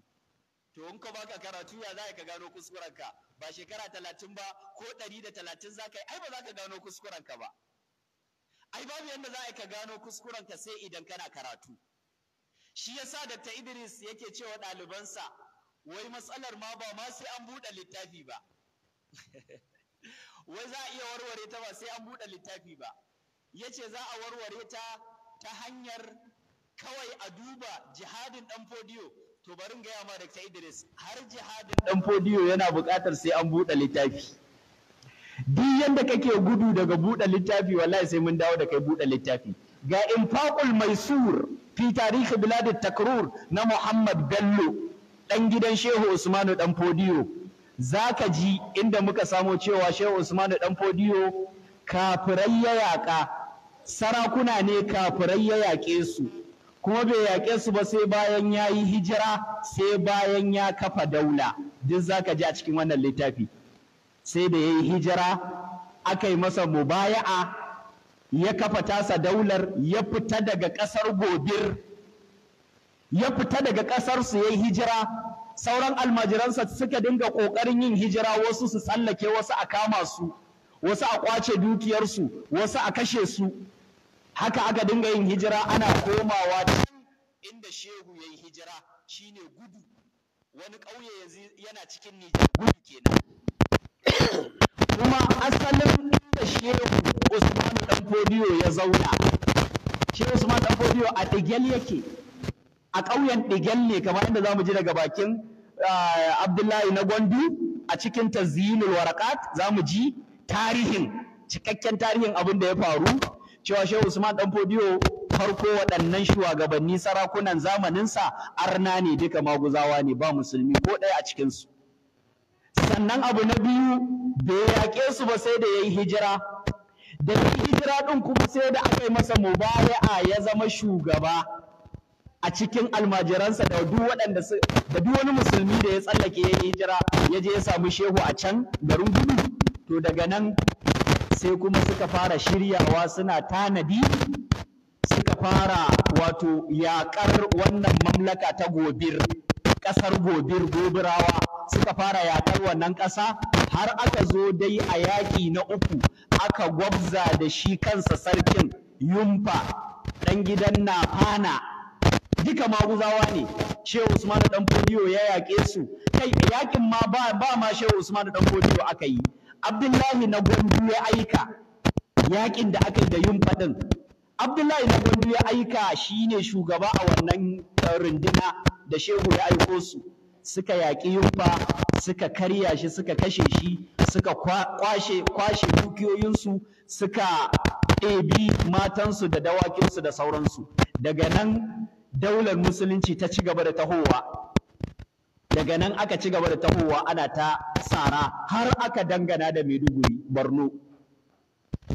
to in ka baka karatu ya za ka gano kuskurenka ba shekara talatin ba ko ɗari da talatin za ka yi ai ba za ka gano kuskurenka ba ai babu yadda za ka gano kuskurenka sai idan kana karatu shi yasa Dr. Idris yake cewa ɗalibansa wai matsalar ma ba ma sai an buɗe littafi ba <laughs> wai za a iya warware ta ba sai an buɗe littafi ba ya ce za a warware ta ta hanyar kawai a duba jihadin ɗan fodiyo to barin gaya ma da Idris har jihadin dan fodiyo yana buƙatar sai an buɗe littafi duk yanda kake gudu daga buɗe littafi wallahi sai mun dawo da kai buɗe littafi ga infaqul maisur fi tarihi bilad takrur na Muhammad Bello dan gidan Shehu Usmanu dan fodiyo zaka ji inda muka samo cewa Shehu Usmanu dan fodiyo kafirai ya yaƙa sarakuna ne kafirai ya yaƙe su kuma bai yaƙe su ba sai bayan ya yi hijira sai bayan ya kafa daula duk za ka ji a cikin wannan littafi sai da ya yi hijira aka yi masa mubaya'a ya kafa tasa daular ya fita daga ƙasar gobir ya fita daga ƙasar su ya yi hijira sauran almajiransa suka dinga ƙoƙarin yin hijira wasu su tsallake wasu a kama su wasu a kwace dukiyarsu wasu a kashe su haka aka dinga yin hijira ana komawa can inda shehu ya yi hijira shine gudu wani ƙauye yanzu yana cikin nijar gudu kenan <coughs> kuma asalin inda shehu usman dan ya zauna shehu usman dan a digel yake a ƙauyen digel ne kamar inda za mu ji daga bakin abdullahi na gwandu a cikin tazyinul warakat za mu ji tarihin cikakken tarihin abin da ya faru cewa Shehu Usman dan Fodiyo farko waɗannan shugabanni sarakunan zamaninsa arna ne duka maguzawa ne ba musulmi ko ɗaya a cikinsu sannan abu na biyu bai yaƙe su ba sai da ya yi hijira da ya yi hijira ɗin kuma sai da aka yi masa mubaya'a ya zama shugaba a cikin almajiransa da duk waɗanda su da duk wani musulmi da ya tsallake ya yi hijira ya je ya samu shehu a can garin gudu to daga nan sai kuma suka fara shiryawa suna tanadi suka fara wato yaƙar wannan mamlaka ta gobir ƙasar gobir gobirawa suka fara yaƙar wannan ƙasa har aka zo dai a yaƙi na uku aka gwabza da shi kansa sarkin yumfa ɗan gidan nafana duka maguzawa ne shehu usmanu ɗan fodiyo ya yaƙe su kai yaƙin ma ba ma shehu usmanu ɗan fodiyo aka yi abdullahi na gwandu ya aika yakin da aka yi da yin faɗin abdullahi na gwandu ya aika shi ne shugaba a wannan eh, runduna da shehu ya aiko su suka yaƙi yunfa suka karya shi suka kashe shi suka kwashe kwashe dukiyoyinsu suka ɗebi matansu da dawakinsu da sauransu daga nan daular musulunci ta ci gaba da tahowa daga nan aka ci gaba da tahowa ana ta sara har aka dangana da maiduguri borno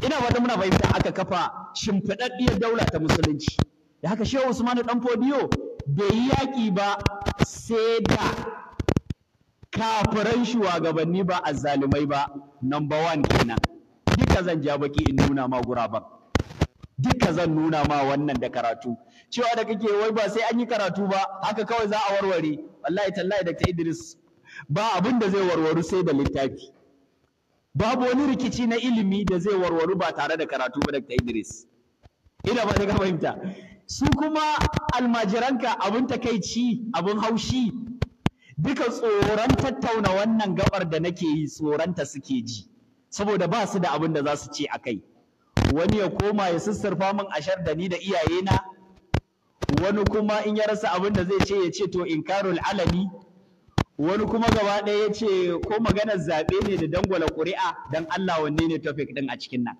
ina wata muna fahimta aka kafa shimfiɗaɗɗiyar daula ta musulunci da haka shehu usmanu dan fodiyo bai yi yaƙi ba sai da kafiran shugabanni ba azzalumai ba number one kenan duka zan ja baki in nuna ma ba. duka zan nuna ma wannan da karatu cewa da kake wai ba sai an yi karatu ba haka kawai za a warware wallahi tallahi Dr. Idris ba abin da zai warwaru sai da littafi babu wani rikici na ilimi da zai warwaru ba tare da karatu ba Dr. Idris ina ba ka fahimta su kuma almajiranka abin takaici abin haushi duka tsoron tattauna wannan gabar da nake yi tsoronta suke ji saboda ba su da abin da za su ce a kai wani ya koma ya sassarfa min ashar da ni da iyayena wani kuma in ya rasa abin da zai ce ya ce to inkarul alami wani kuma gaba ɗaya ya ce ko maganar zaɓe ne da dangwala ƙuri'a don Allah wanne ne topic ɗin a cikin nan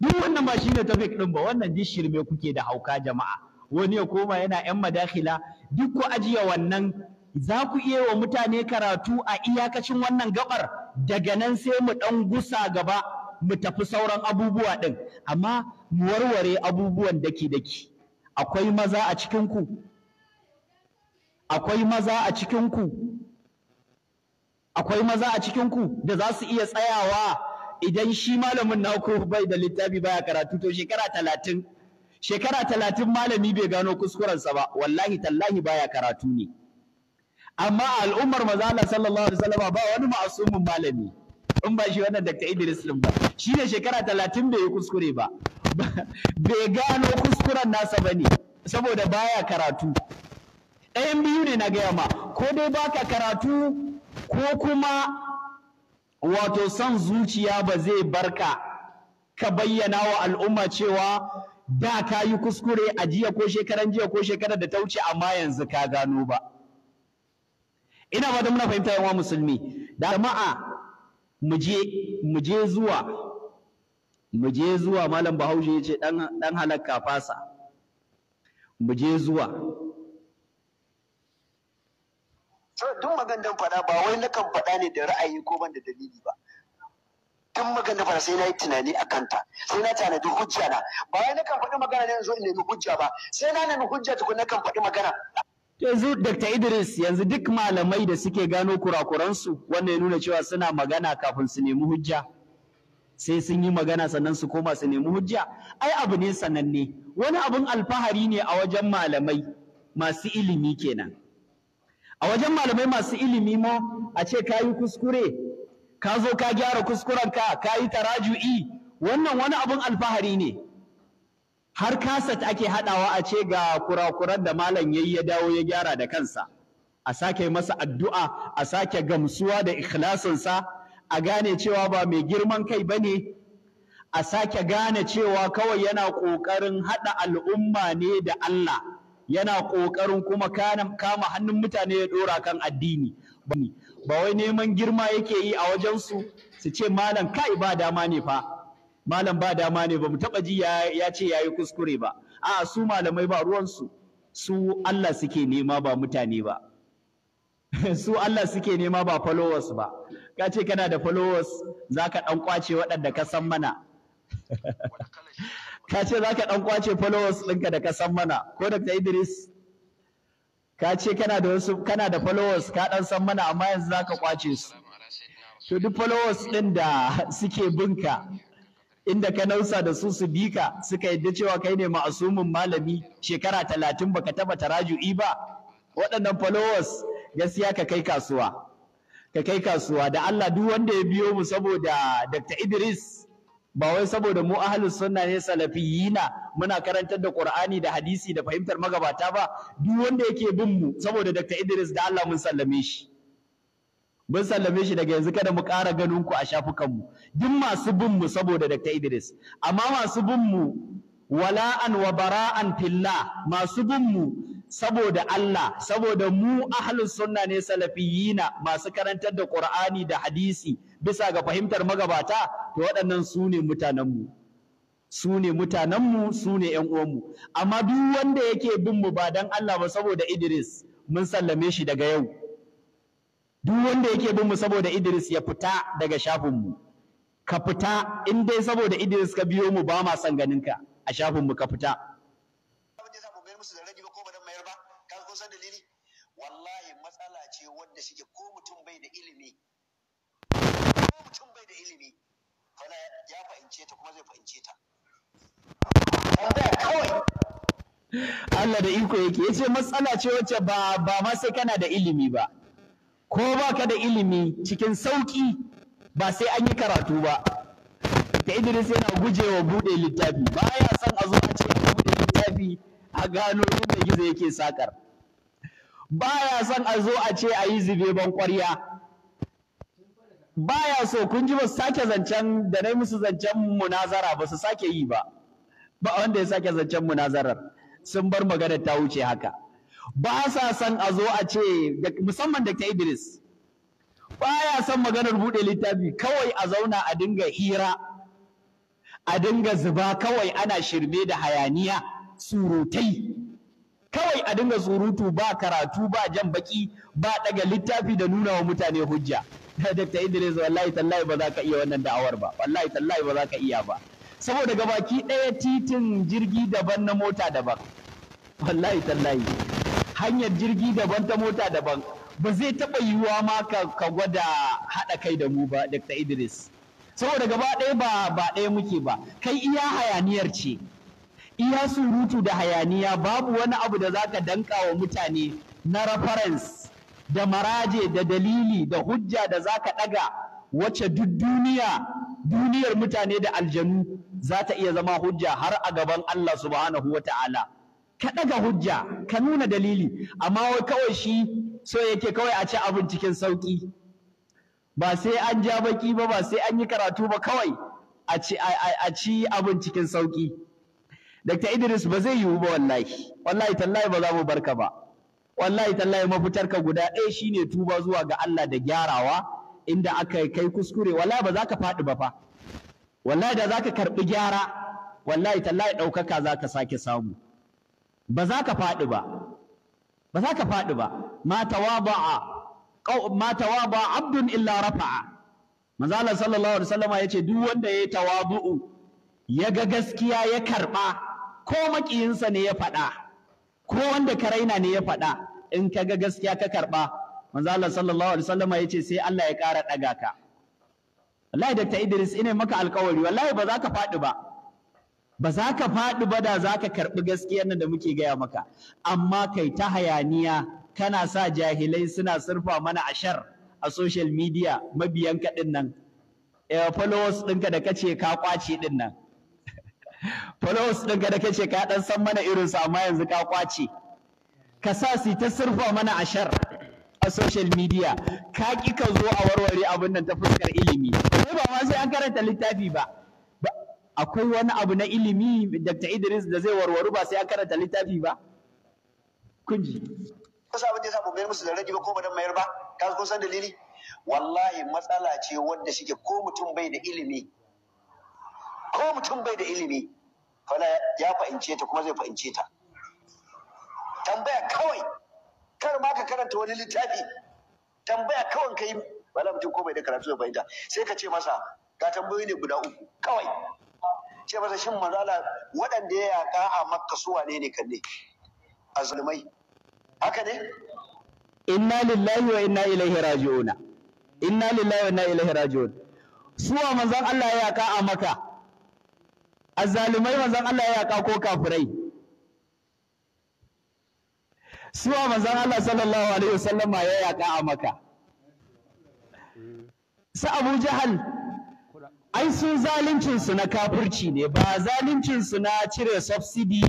duk wannan ba shi ne topic ɗin ba wannan duk shirme kuke da hauka jama'a wani ya koma yana ƴan madakhila duk ku ajiye wannan za ku iya wa mutane karatu a iyakacin wannan gabar daga nan sai mu ɗan gusa gaba mu tafi sauran abubuwa ɗin amma mu warware abubuwan daki-daki akwai maza a cikinku akwai maza a cikinku akwai maza a cikinku da za su iya tsayawa idan shi malamin naku bai da littafi baya karatu to shekara talatin shekara talatin malami bai gano kuskurensa ba wallahi tallahi baya karatu ne amma al'ummar maza Allah sallallahu alaihi wasallam ba wani ma'asumin malami in ba shi wannan Dr. Idris din ba shi ne shekara talatin bai yi kuskure ba bai gano kuskuren nasa ba ne saboda baya karatu ɗayan biyu ne na gaya ma ko dai baka karatu ko kuma wato son zuciya ba zai barka ka bayyana wa al'umma cewa da ka yi kuskure a jiya ko shekaran jiya ko shekarar da ta wuce amma yanzu ka gano ba ina ba da muna fahimta yawan musulmi da jama'a mu je zuwa mu je zuwa malam bahaushe ya ce dan dan halakka fasa mu je zuwa to duk magandan fada ba wai kan fada ne da ra'ayi ko ban da dalili ba tun magana fara sai na yi tunani a kanta sai na tanadi hujja na ba wai kan faɗi magana ne zo in nemi hujja ba sai na nemi hujja tukun kan faɗi magana yanzu Dr. Idris yanzu duk malamai da suke gano kurakuransu wanda ya nuna cewa suna magana kafin su nemi hujja sai sun yi magana sannan su koma su nemi hujja ai abu ne sananne wani abun alfahari ne a wajen malamai masu ilimi kenan a wajen malamai masu ilimi ma a ce ka yi kuskure ka zo ka gyara kuskurenka ka yi taraju'i wannan wani abun alfahari ne har kasat ake haɗawa a ce ga kurakuran da malam yayi ya dawo ya gyara da kansa a sake masa addu'a a sake gamsuwa da ikhlasinsa a gane cewa ba mai girman kai bane a sake gane cewa kawai yana ƙoƙarin haɗa al'umma ne da Allah yana ƙoƙarin kuma kama hannun mutane ya ɗora kan addini ba wai neman girma yake yi a wajensu su ce malam kai ba dama ne fa malam ba dama ne ba mu taɓa ji ya ce ya yi kuskure ba a'a su malamai ba ruwansu su Allah suke nema ba mutane ba <laughs> su Allah suke nema ba followers ba ka ce kana da followers za ka ɗan kwace waɗanda ka san mana <laughs> ka ce za ka ɗan kwace followers ɗinka da ka san mana ko Dr. Idris ka ce kana da wasu kana da followers ka ɗan san mana amma yanzu za ka kwace su to duk followers ɗin da suke binka inda ka nausa da su su bika suka yadda cewa kai ne ma'asumin malami shekara talatin baka taba taraju'i ba waɗannan followers gaskiya ka kai kasuwa ka kai kasuwa da Allah duk wanda ya biyo mu saboda Dr. Idris ba wai saboda mu ahlus sunna ne salafiyina muna karantar da Qur'ani da hadisi da fahimtar magabata ba duk wanda yake bin mu saboda Dr. Idris da Allah mun sallame shi mun sallame shi daga yanzu kada mu ƙara ganin ku a shafukanmu duk masu bin mu saboda Dr. Idris amma masu bin wala'an wa bara'an fillah masu bin saboda Allah saboda mu ahlus sunna ne salafiyina masu karantar da ƙur'ani da hadisi bisa ga fahimtar magabata to waɗannan su ne mutanenmu su ne mutanenmu su ne ƴan uwanmu amma duk wanda yake binmu ba dan Allah ba saboda Idris mun sallame shi daga yau duk wanda yake bin mu saboda Idris ya fita daga shafin mu ka fita in dai saboda Idris ka biyo mu ba ma son ganin ka a shafin mu ka fita wallahi matsala ce wadda shike ko mutum bai da ilimi ko mutum bai da ilimi fala ya fahimce ta kuma zai fahimce ta kawai Allah da iko yake yace matsala ce wacce ba ba ma sai kana da ilimi ba ko baka da ilimi cikin sauƙi ba sai an yi karatu ba ta Idris yana wa bude littafi baya son a zo a ce a bude littafi a gano inda gizo yake sakar baya son a zo a ce a yi zube ban ƙwarya baya so kun ji ba su sake zancen da na musu zancen munazara ba su sake yi ba ba wanda ya sake zancen munazarar sun bar maganar ta wuce haka ba sa son a zo a ce musamman ta Idris baya son maganar buɗe littafi kawai a zauna a dinga hira a dinga zuba kawai ana shirme da hayaniya surutai kawai a dinga surutu ba karatu ba jan baki ba daga littafi da nuna wa mutane hujja <laughs> Dr. Idris wallahi tallahi ba za ka iya wannan da'awar ba wallahi tallahi ba za ka iya ba saboda gabaki ɗaya titin jirgi daban na mota daban wallahi tallahi hanyar jirgi daban ta mota daban ba zai taɓa yiwuwa ma ka gwada haɗa kai da mu ba Dr. Idris saboda gaba ɗaya ba ba ɗaya muke ba kai iya hayaniyar ce iya surutu da hayaniya babu wani abu da za ka danka wa mutane na reference da maraje da dalili da hujja da zaka ɗaga wacce duk duniya duniyar mutane da aljanu za ta iya zama hujja har a gaban Allah subhanahu wa ta'ala ka ɗaga hujja ka nuna dalili amma wai kawai shi so yake kawai a ci abin cikin sauƙi ba sai an ja baki ba ba sai an yi karatu ba kawai a ci abin cikin sauƙi Dr. Idris ba zai yiwu ba wallahi wallahi tallahi ba za mu barka ba wallahi tallahi mafitarka guda ɗaya shine tuba zuwa ga Allah da gyarawa inda aka kai kuskure wallahi ba za ka faɗi ba fa wallahi da za ka karɓi gyara wallahi tallahi ɗaukaka za ka sake samu ba za ka faɗi ba ba za ka faɗi ba ma tawada'a ma tawada'a abdun illa rafa'a manzo Allah sallallahu alaihi wasallama yace duk wanda yayi tawadu'u ya ga gaskiya ya karba ko makiyinsa ne ya faɗa ko wanda ka raina ne ya faɗa in ka ga gaskiya ka karba manzo Allah sallallahu alaihi wasallama yace sai Allah ya ƙara ɗaga ka wallahi Dr. Idris ina maka alƙawari wallahi ba za ka faɗi ba ba za ka faɗi ba da za ka karɓi gaskiyar nan da muke gaya maka amma kai ta hayaniya kana sa jahilai suna surfa mana ashar a social media mabiyan ɗin nan eh, followers ɗinka da kace ka kwace ɗin nan <laughs> followers ɗinka da kace ka ɗan san mana irinsu amma yanzu ka kwace ka sa su ta surfa mana ashar a social media ka ƙi ka zo a warware abin nan ta fuskar ilimi ba ma sai an karanta littafi ba akwai wani abu na ilimi Dr. Idris da zai warwaru ba sai an karanta littafi ba kun ji kusa abin ya yasa mayar musu da rage ba ko ba mayar ba ka kun san dalili wallahi matsala ce wanda shike ko mutum bai da ilimi ko mutum bai da ilimi fala ya fahimce ta kuma zai fahimce ta tambaya kawai kar ma ka karanta wani littafi tambaya kawai kai wala mutum ko bai da karatu da fahimta sai ka ce masa ka tambayoyi ne guda uku kawai ce masa shin manzo waɗanda ya a makka su wane ne haka ne inna lillahi wa inna ilaihi raji'un inna lillahi wa inna ilaihi raji'un manzon Allah ya yaka a makka azzalumai manzon Allah ya yaka ko kafirai suwa manzon Allah sallallahu alaihi wasallama ya yaka a makka su Abu Jahal ai su zaluncinsu na kafurci ne ba zaluncinsu na cire subsidy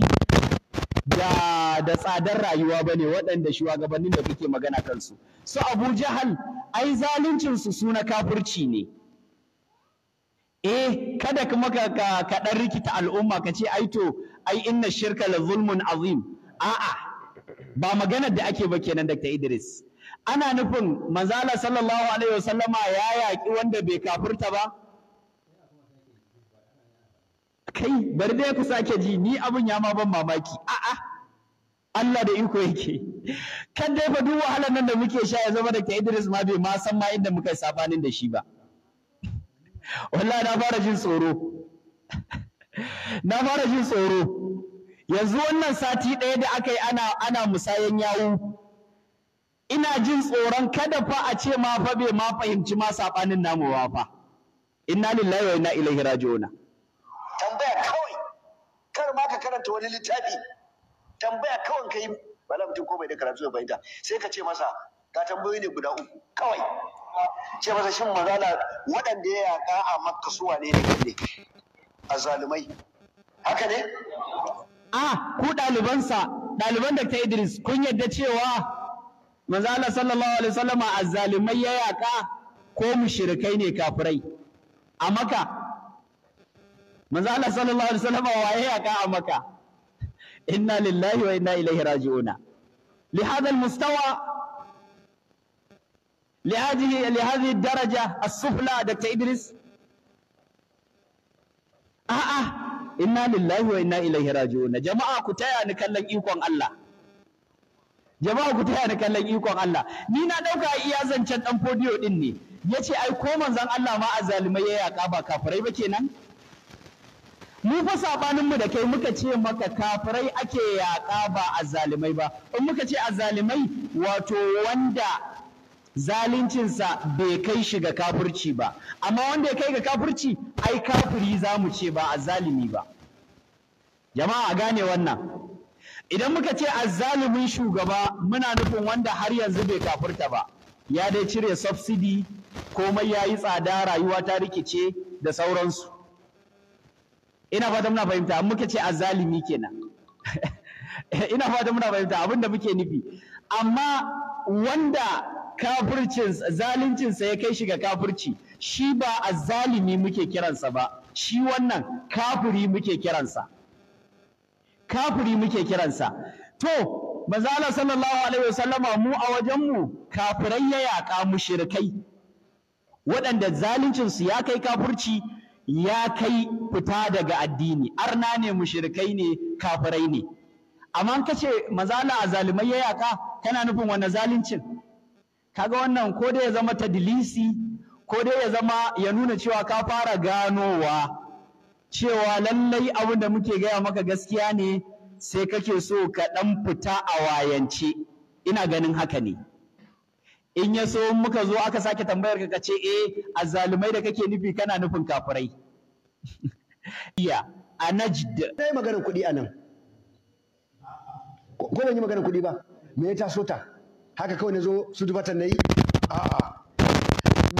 da da tsadar rayuwa ba ne waɗanda shugabannin da kuke magana kansu su abu jahal ai zaluncinsu su na kafirci ne eh kada kuma ka dan rikita al'umma ka ce ai to ai inna shirka la zulmun azim 'a ba maganar da ake ba kenan Dr. Idris ana nufin manzala sallallahu alaihi wasallama ya yaƙi wanda bai kafurta ba kai bari dai ku sake ji ni abin ya ma ban mamaki a'a Allah da iko yake kan dai fa duk wahalar nan da muke sha ya zama da ke Idris ma bai ma san ma inda muka yi da shi ba wallahi na fara jin tsoro na fara jin tsoro yanzu wannan sati ɗaya da aka yi ana ana musayan yawu ina jin tsoron kada fa a ce ma fa bai ma fahimci ma sabanin namu ba fa inna lillahi wa inna ilaihi raji'una tambaya kawai kar ma ka karanta wani littafi tambaya kawai kai bala mutum ko bai da karatu da fahimta sai ka ce masa ka tambayoyi ne guda uku kawai ce masa shin magana waɗanda ya yaƙa a makka su wane ne ne a zalumai haka ne a ku ɗalibansa ɗaliban da ta idris kun yadda cewa manzo Allah sallallahu alaihi wasallama azzalumai ya yaƙa ko mushrikai ne kafirai a maka manzo Allah sallallahu alaihi wasallam waye ya ka maka inna lillahi wa inna ilaihi raji'una li hadha al mustawa لهذه لهذه الدرجة السفلى دكتور إدريس آه آه إنا لله وإنا إليه راجعون جماعة كتايا نكلم إيقوان الله jama'a ku taya ni kallon ikon Allah ni na dauka iya zancen dan fodiyo din ne yace ai ko manzon Allah ma a azalimai ya yaka ba kafirai ba kenan mu fa sabanin mu da kai muka ce maka kafirai ake yaƙa ba azzalimai ba in muka ce azzalimai wato wanda zaluncinsa bai kai shi ga kafirci ba amma wanda ya kai ga kafirci ai kafiri za mu ce ba azzalimi ba jama'a a gane wannan idan muka ce azzalumin shugaba muna nufin wanda har yanzu bai kafirta ba ya dai cire subsidy komai ya yi tsada rayuwa ta rikice da sauransu ina fata muna fahimta muka ce azzalimi kenan <laughs> ina fata muna fahimta abin da muke nufi amma wanda kafircin zaluncinsa ya kai shi ga kafirci shi ba azzalimi muke kiransa ba shi wannan kafiri muke kiransa kafiri muke kiransa to manzo sallallahu alaihi wasallama mu a wajen mu kafirai ya yaƙa mushrikai waɗanda zaluncinsu ya kai kafirci ya kai fita daga addini arna ne mushrikai ne kafirai ne amma ka ce mazala a zalimai ya yaka kana nufin wani zalincin kaga wannan ko dai ya zama tadilisi ko dai ya zama ya nuna cewa ka fara ganowa cewa lallai abin da muke gaya maka gaskiya ne sai kake so ka ɗan fita a wayance ina ganin haka ne in ya so muka zo aka sake tambayar ka ce eh azzalumai da kake nufi kana nufin kafirai <laughs> iya a najd dai maganar kuɗi a nan ko ban yi maganar kuɗi ba me ya taso ta haka kawai na zo su dubatan na yi a'a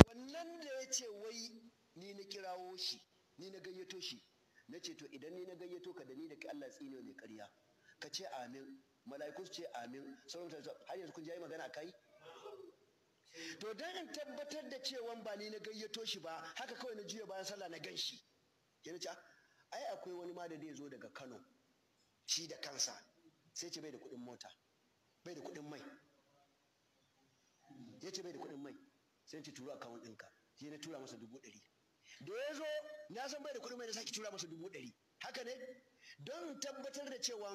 wannan da ya ce wai ni na kirawo shi ni na gayyato shi na ce to idan ni na gayyato ka da ni da Allah tsine mai ƙarya ka ce amin mala'iku ce amin sauran har yanzu kun ji magana kai to dan in tabbatar da cewa ba ni na gayyato shi ba haka kawai na juya bayan sallah na gan shi yana ce ah, ai akwai wani ma da zai zo daga Kano shi da kansa sai ce bai da kuɗin mota bai da kuɗin mai ya ce bai da kuɗin mai sai ce turo akawun ɗinka sai na tura masa dubu ɗari da ya zo na san bai da kuɗin mai na sake tura masa dubu ɗari haka ne don tabbatar da cewa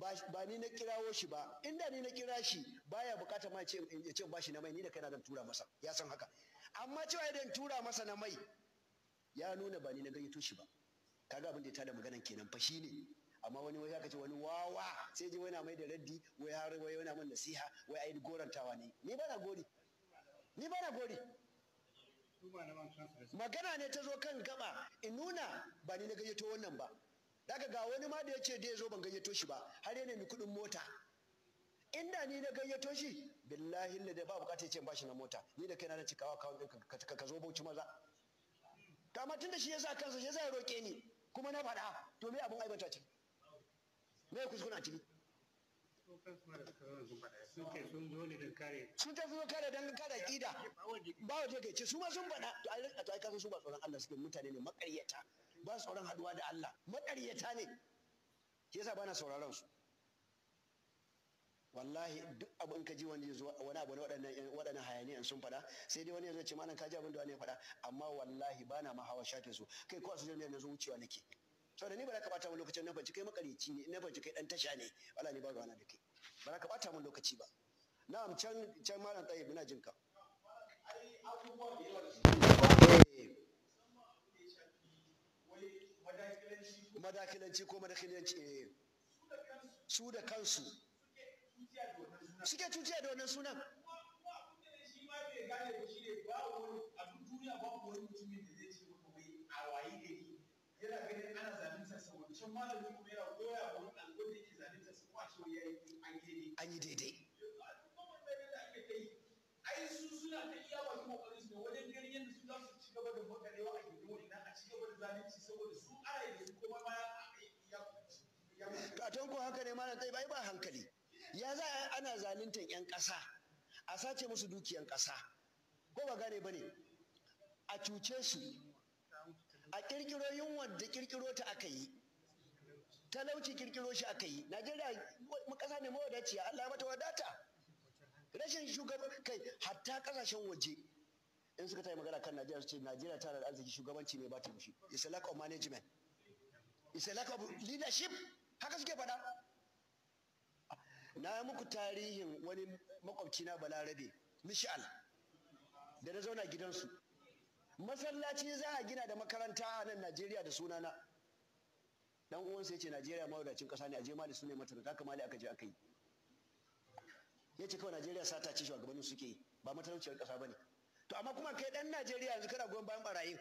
ba ni na kirawo shi ba inda ni na kira shi baya bukata ma ya ce ba shi na mai ni da kaina zan tura masa ya san haka amma cewa idan tura masa na mai ya nuna ba ni na gayyato shi ba kaga abin da ya tada maganan kenan fa shi ne. amma wani wai aka ce wani wawa sai ji wani mai da raddi wai har wai wani mun nasiha wai ai gorantawa ne ni ba na gori ni ba na gori magana ne ta zo kan gaba in nuna ba ni na gayyato wannan ba daga ga wani ma da ya ce zo ban gayyato shi ba har yana mai kudin mota inda ni na gayyato shi billahi da ba bukatar ce ba shi na mota ni da kaina na cikawa kawun ɗin ka zo bauchi maza kama tun da shi ya sa kansa shi ya sa ya roƙe ni kuma na faɗa to me abin aibata ce me kuskuna ciki sun tafi zo kare don kare ƙida ba waje kai ce su ma sun faɗa to a yi kasa su ba tsoron Allah suke mutane ne maƙaryata ba su sauran haɗuwa da Allah maƙaryata ne ke yasa bana sauraron su wallahi duk abin ka ji wani zuwa wani abu ne waɗannan hayaniyan sun faɗa sai dai wani ya zo ce malam ka ji abin da wani ya faɗa amma wallahi bana ma hawa shafe su kai kowa su ne yanzu wucewa nake saboda ni ba za ka bata min lokacin na fanci kai makarici ne na fanci kai ɗan tasha ne wala ni ba ruwana da kai ba za ka bata min lokaci ba na'am can can malam tayyib na jinka ai abubuwan da yawa da madakilanci ko madakilanci eh. su da kansu suke cuciya da wannan sunan an yi daidai ai su suna ta iya wasu kokarin su wajen ganin yadda su za su ci gaba da makarewa a gidan wani a ci gaba da zalunci zaton ko haka ne malam bai ba hankali ya za ana zaluntan yan ƙasa a sace musu dukiyan ƙasa ko ba gane bane a cuce su a kirkiro yunwar da kirkiro ta aka yi talauci kirkiro shi aka yi najeriya ƙasa ne mawadaciya allah mata wadata rashin shugaban kai hatta ƙasashen waje in suka yi magana kan najeriya ce najeriya tana da arziki shugabanci ne ba ta mushi it's a lack of management it's a lack of leadership haka suke faɗa na muku tarihin wani na balarabe mishal da na zauna gidansu masallaci za a gina da makaranta a nan najeriya da sunana dan uwansa ya ce najeriya mawadacin ƙasa ne a je mali su ne mata da mali aka je aka yi ya ce kawai najeriya sata ce shugabannin suke yi ba matalauciyar ƙasa ba ne to amma kuma kai dan najeriya yanzu kana goyon bayan barayin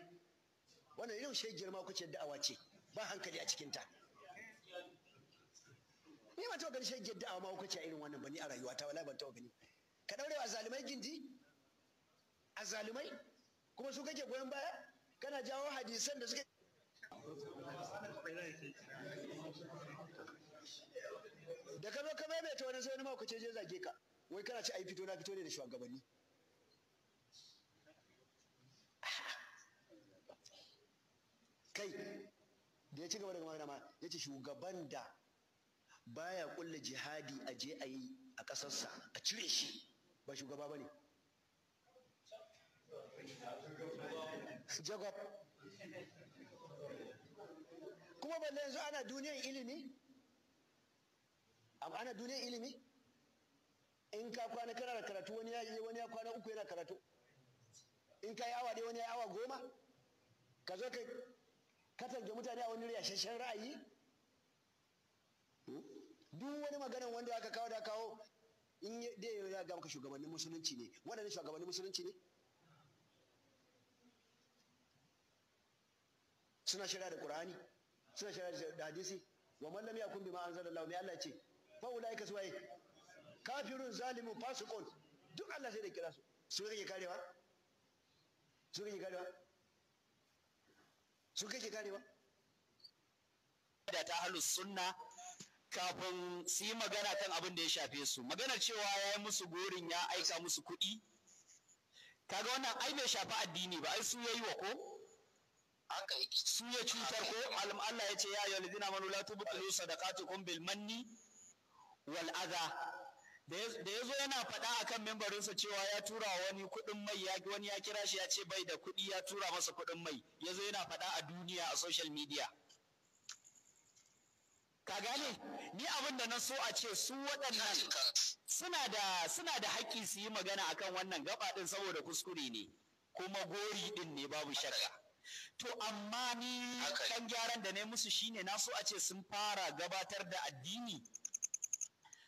wannan irin shai girma kuce da'awa ce ba hankali a cikinta ni ma taɓa ganin shi yadda a mahaukaci a irin wannan bani ni a rayuwata wallahi ban taɓa gani ka daure wa zalimai gindi a zalimai kuma su kake goyon baya kana jawo hadisan da suke da ka zo ka maimaita wani sai wani ce je zage ka wai kana ci ai fito na fito ne da shugabanni kai da ya ci gaba da gama da ma ya ce shugaban da baya kulle jihadi a je a yi a ƙasarsa a cire shi ba shugaba ba ne kuma balle yanzu ana duniyan ilimi ana duniyan ilimi in ka kwana kana da karatu wani ya yi wani ya kwana uku yana karatu in ka yi awa ɗaya wani ya yi awa goma ka zo ka katange mutane a wani riyashashen ra'ayi duk wani maganan wanda aka kawo da kawo in da ya ga maka shugabannin musulunci ne waɗannan shugabannin musulunci ne suna shari'a da qur'ani suna shari'a da hadisi wa man lam yakun bima anzalallahu mai Allah ce fa ulaika suwaye kafirun zalimun fasiqun duk Allah sai da kira su su kake karewa su kake karewa su kake karewa da ta halu sunna kafin su yi magana kan abin da ya shafe su maganar cewa ya yi musu gorin ya aika musu kuɗi kaga wannan ai bai shafi addini ba ai su ya yi wa ko su ya cutar ko Allah ya ce ya yi alidina manu la tubtulu sadaqatukum bil manni wal adha da ya zo yana faɗa kan membarinsa cewa ya tura wani kuɗin mai ya wani ya kira shi ya ce bai da kuɗi ya tura masa kuɗin mai ya zo yana faɗa a duniya a social media ka gane ni abin da na so a ce su waɗannan suna da suna da haƙƙi su yi magana akan wannan gaba ɗin saboda kuskure ne kuma gori ɗin ne babu shakka to amma ni kan gyaran da na yi musu shine na so a ce sun fara gabatar da addini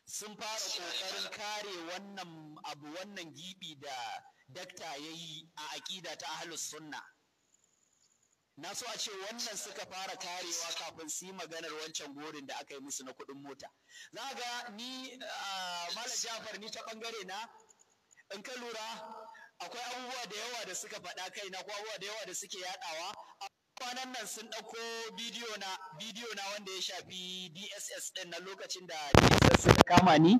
sun fara ƙoƙarin kare wannan abu wannan gibi da dakta ya yi a aƙida ta ahlus sunna na so a ce wannan suka fara karewa kafin su yi maganar wancan gorin da aka yi musu na kuɗin mota za ga ni ah, malam jafar ni ta ɓangare na in ka lura akwai abubuwa da yawa da suka faɗa kai na abubuwa da yawa da suke yaɗawa kwanan nan sun ɗauko bidiyo na bidiyo na wanda ya shafi dss ɗin na lokacin da dss suka kama ni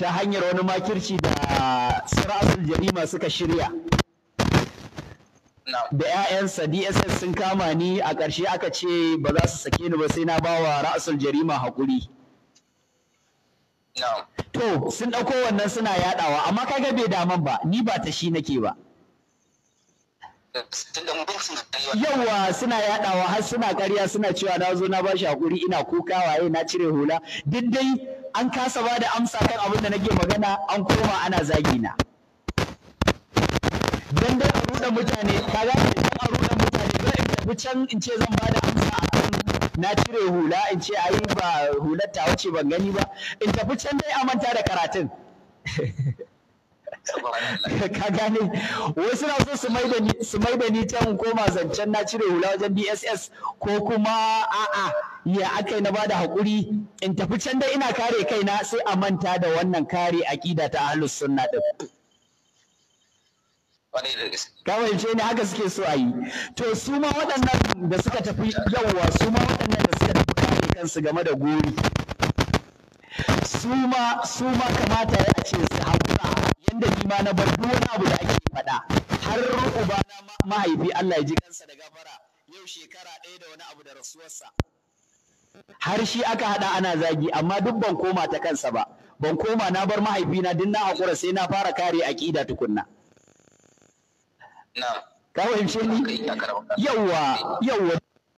ta hanyar wani makirci da sira'atul jarima suka shirya da 'ya'yansa dss sun kama ni a ƙarshe aka ce ba za su sake ni ba sai na bawa ra'asul jarima haƙuri to sun ɗauko wannan suna yaɗawa amma ga bai daman ba ni ba ta shi nake ba yawa suna yaɗawa har suna ƙarya suna cewa na zo na ba shi haƙuri ina kuka waye na cire hula duk dai an kasa ba da amsa kan abin da nake magana an koma ana zagina. na ruɗa mutane ka gane dan a ruɗa mutane zai in tafi can in ce zan bada amsa a kan na cire hula in ce ai ba hular ta wuce ban gani ba in tafi can dai a manta da karatun <laughs> ka gane wasu na so su mai da ni can koma zancen na cire hula wajen dss ko kuma a'a ya aka na bada haƙuri in tafi can dai ina kare kaina sai a manta da wannan kare aƙida ta ahlus sunna din kawai ce ne haka suke so a yi to su ma waɗannan da suka tafi yawwa su ma waɗannan da suka tafi kare kansu game da gori su ma su ma kamata ya ce su haƙura yadda ni ma na bar wani abu da ake faɗa har ba na mahaifi Allah ya ji kansa da gafara yau shekara ɗaya da wani abu da rasuwarsa har shi aka haɗa ana zagi amma duk ban koma ta kansa ba ban koma na bar mahaifina duk na haƙura sai na fara kare aƙida tukunna Kawai fahimce ni yawwa yawwa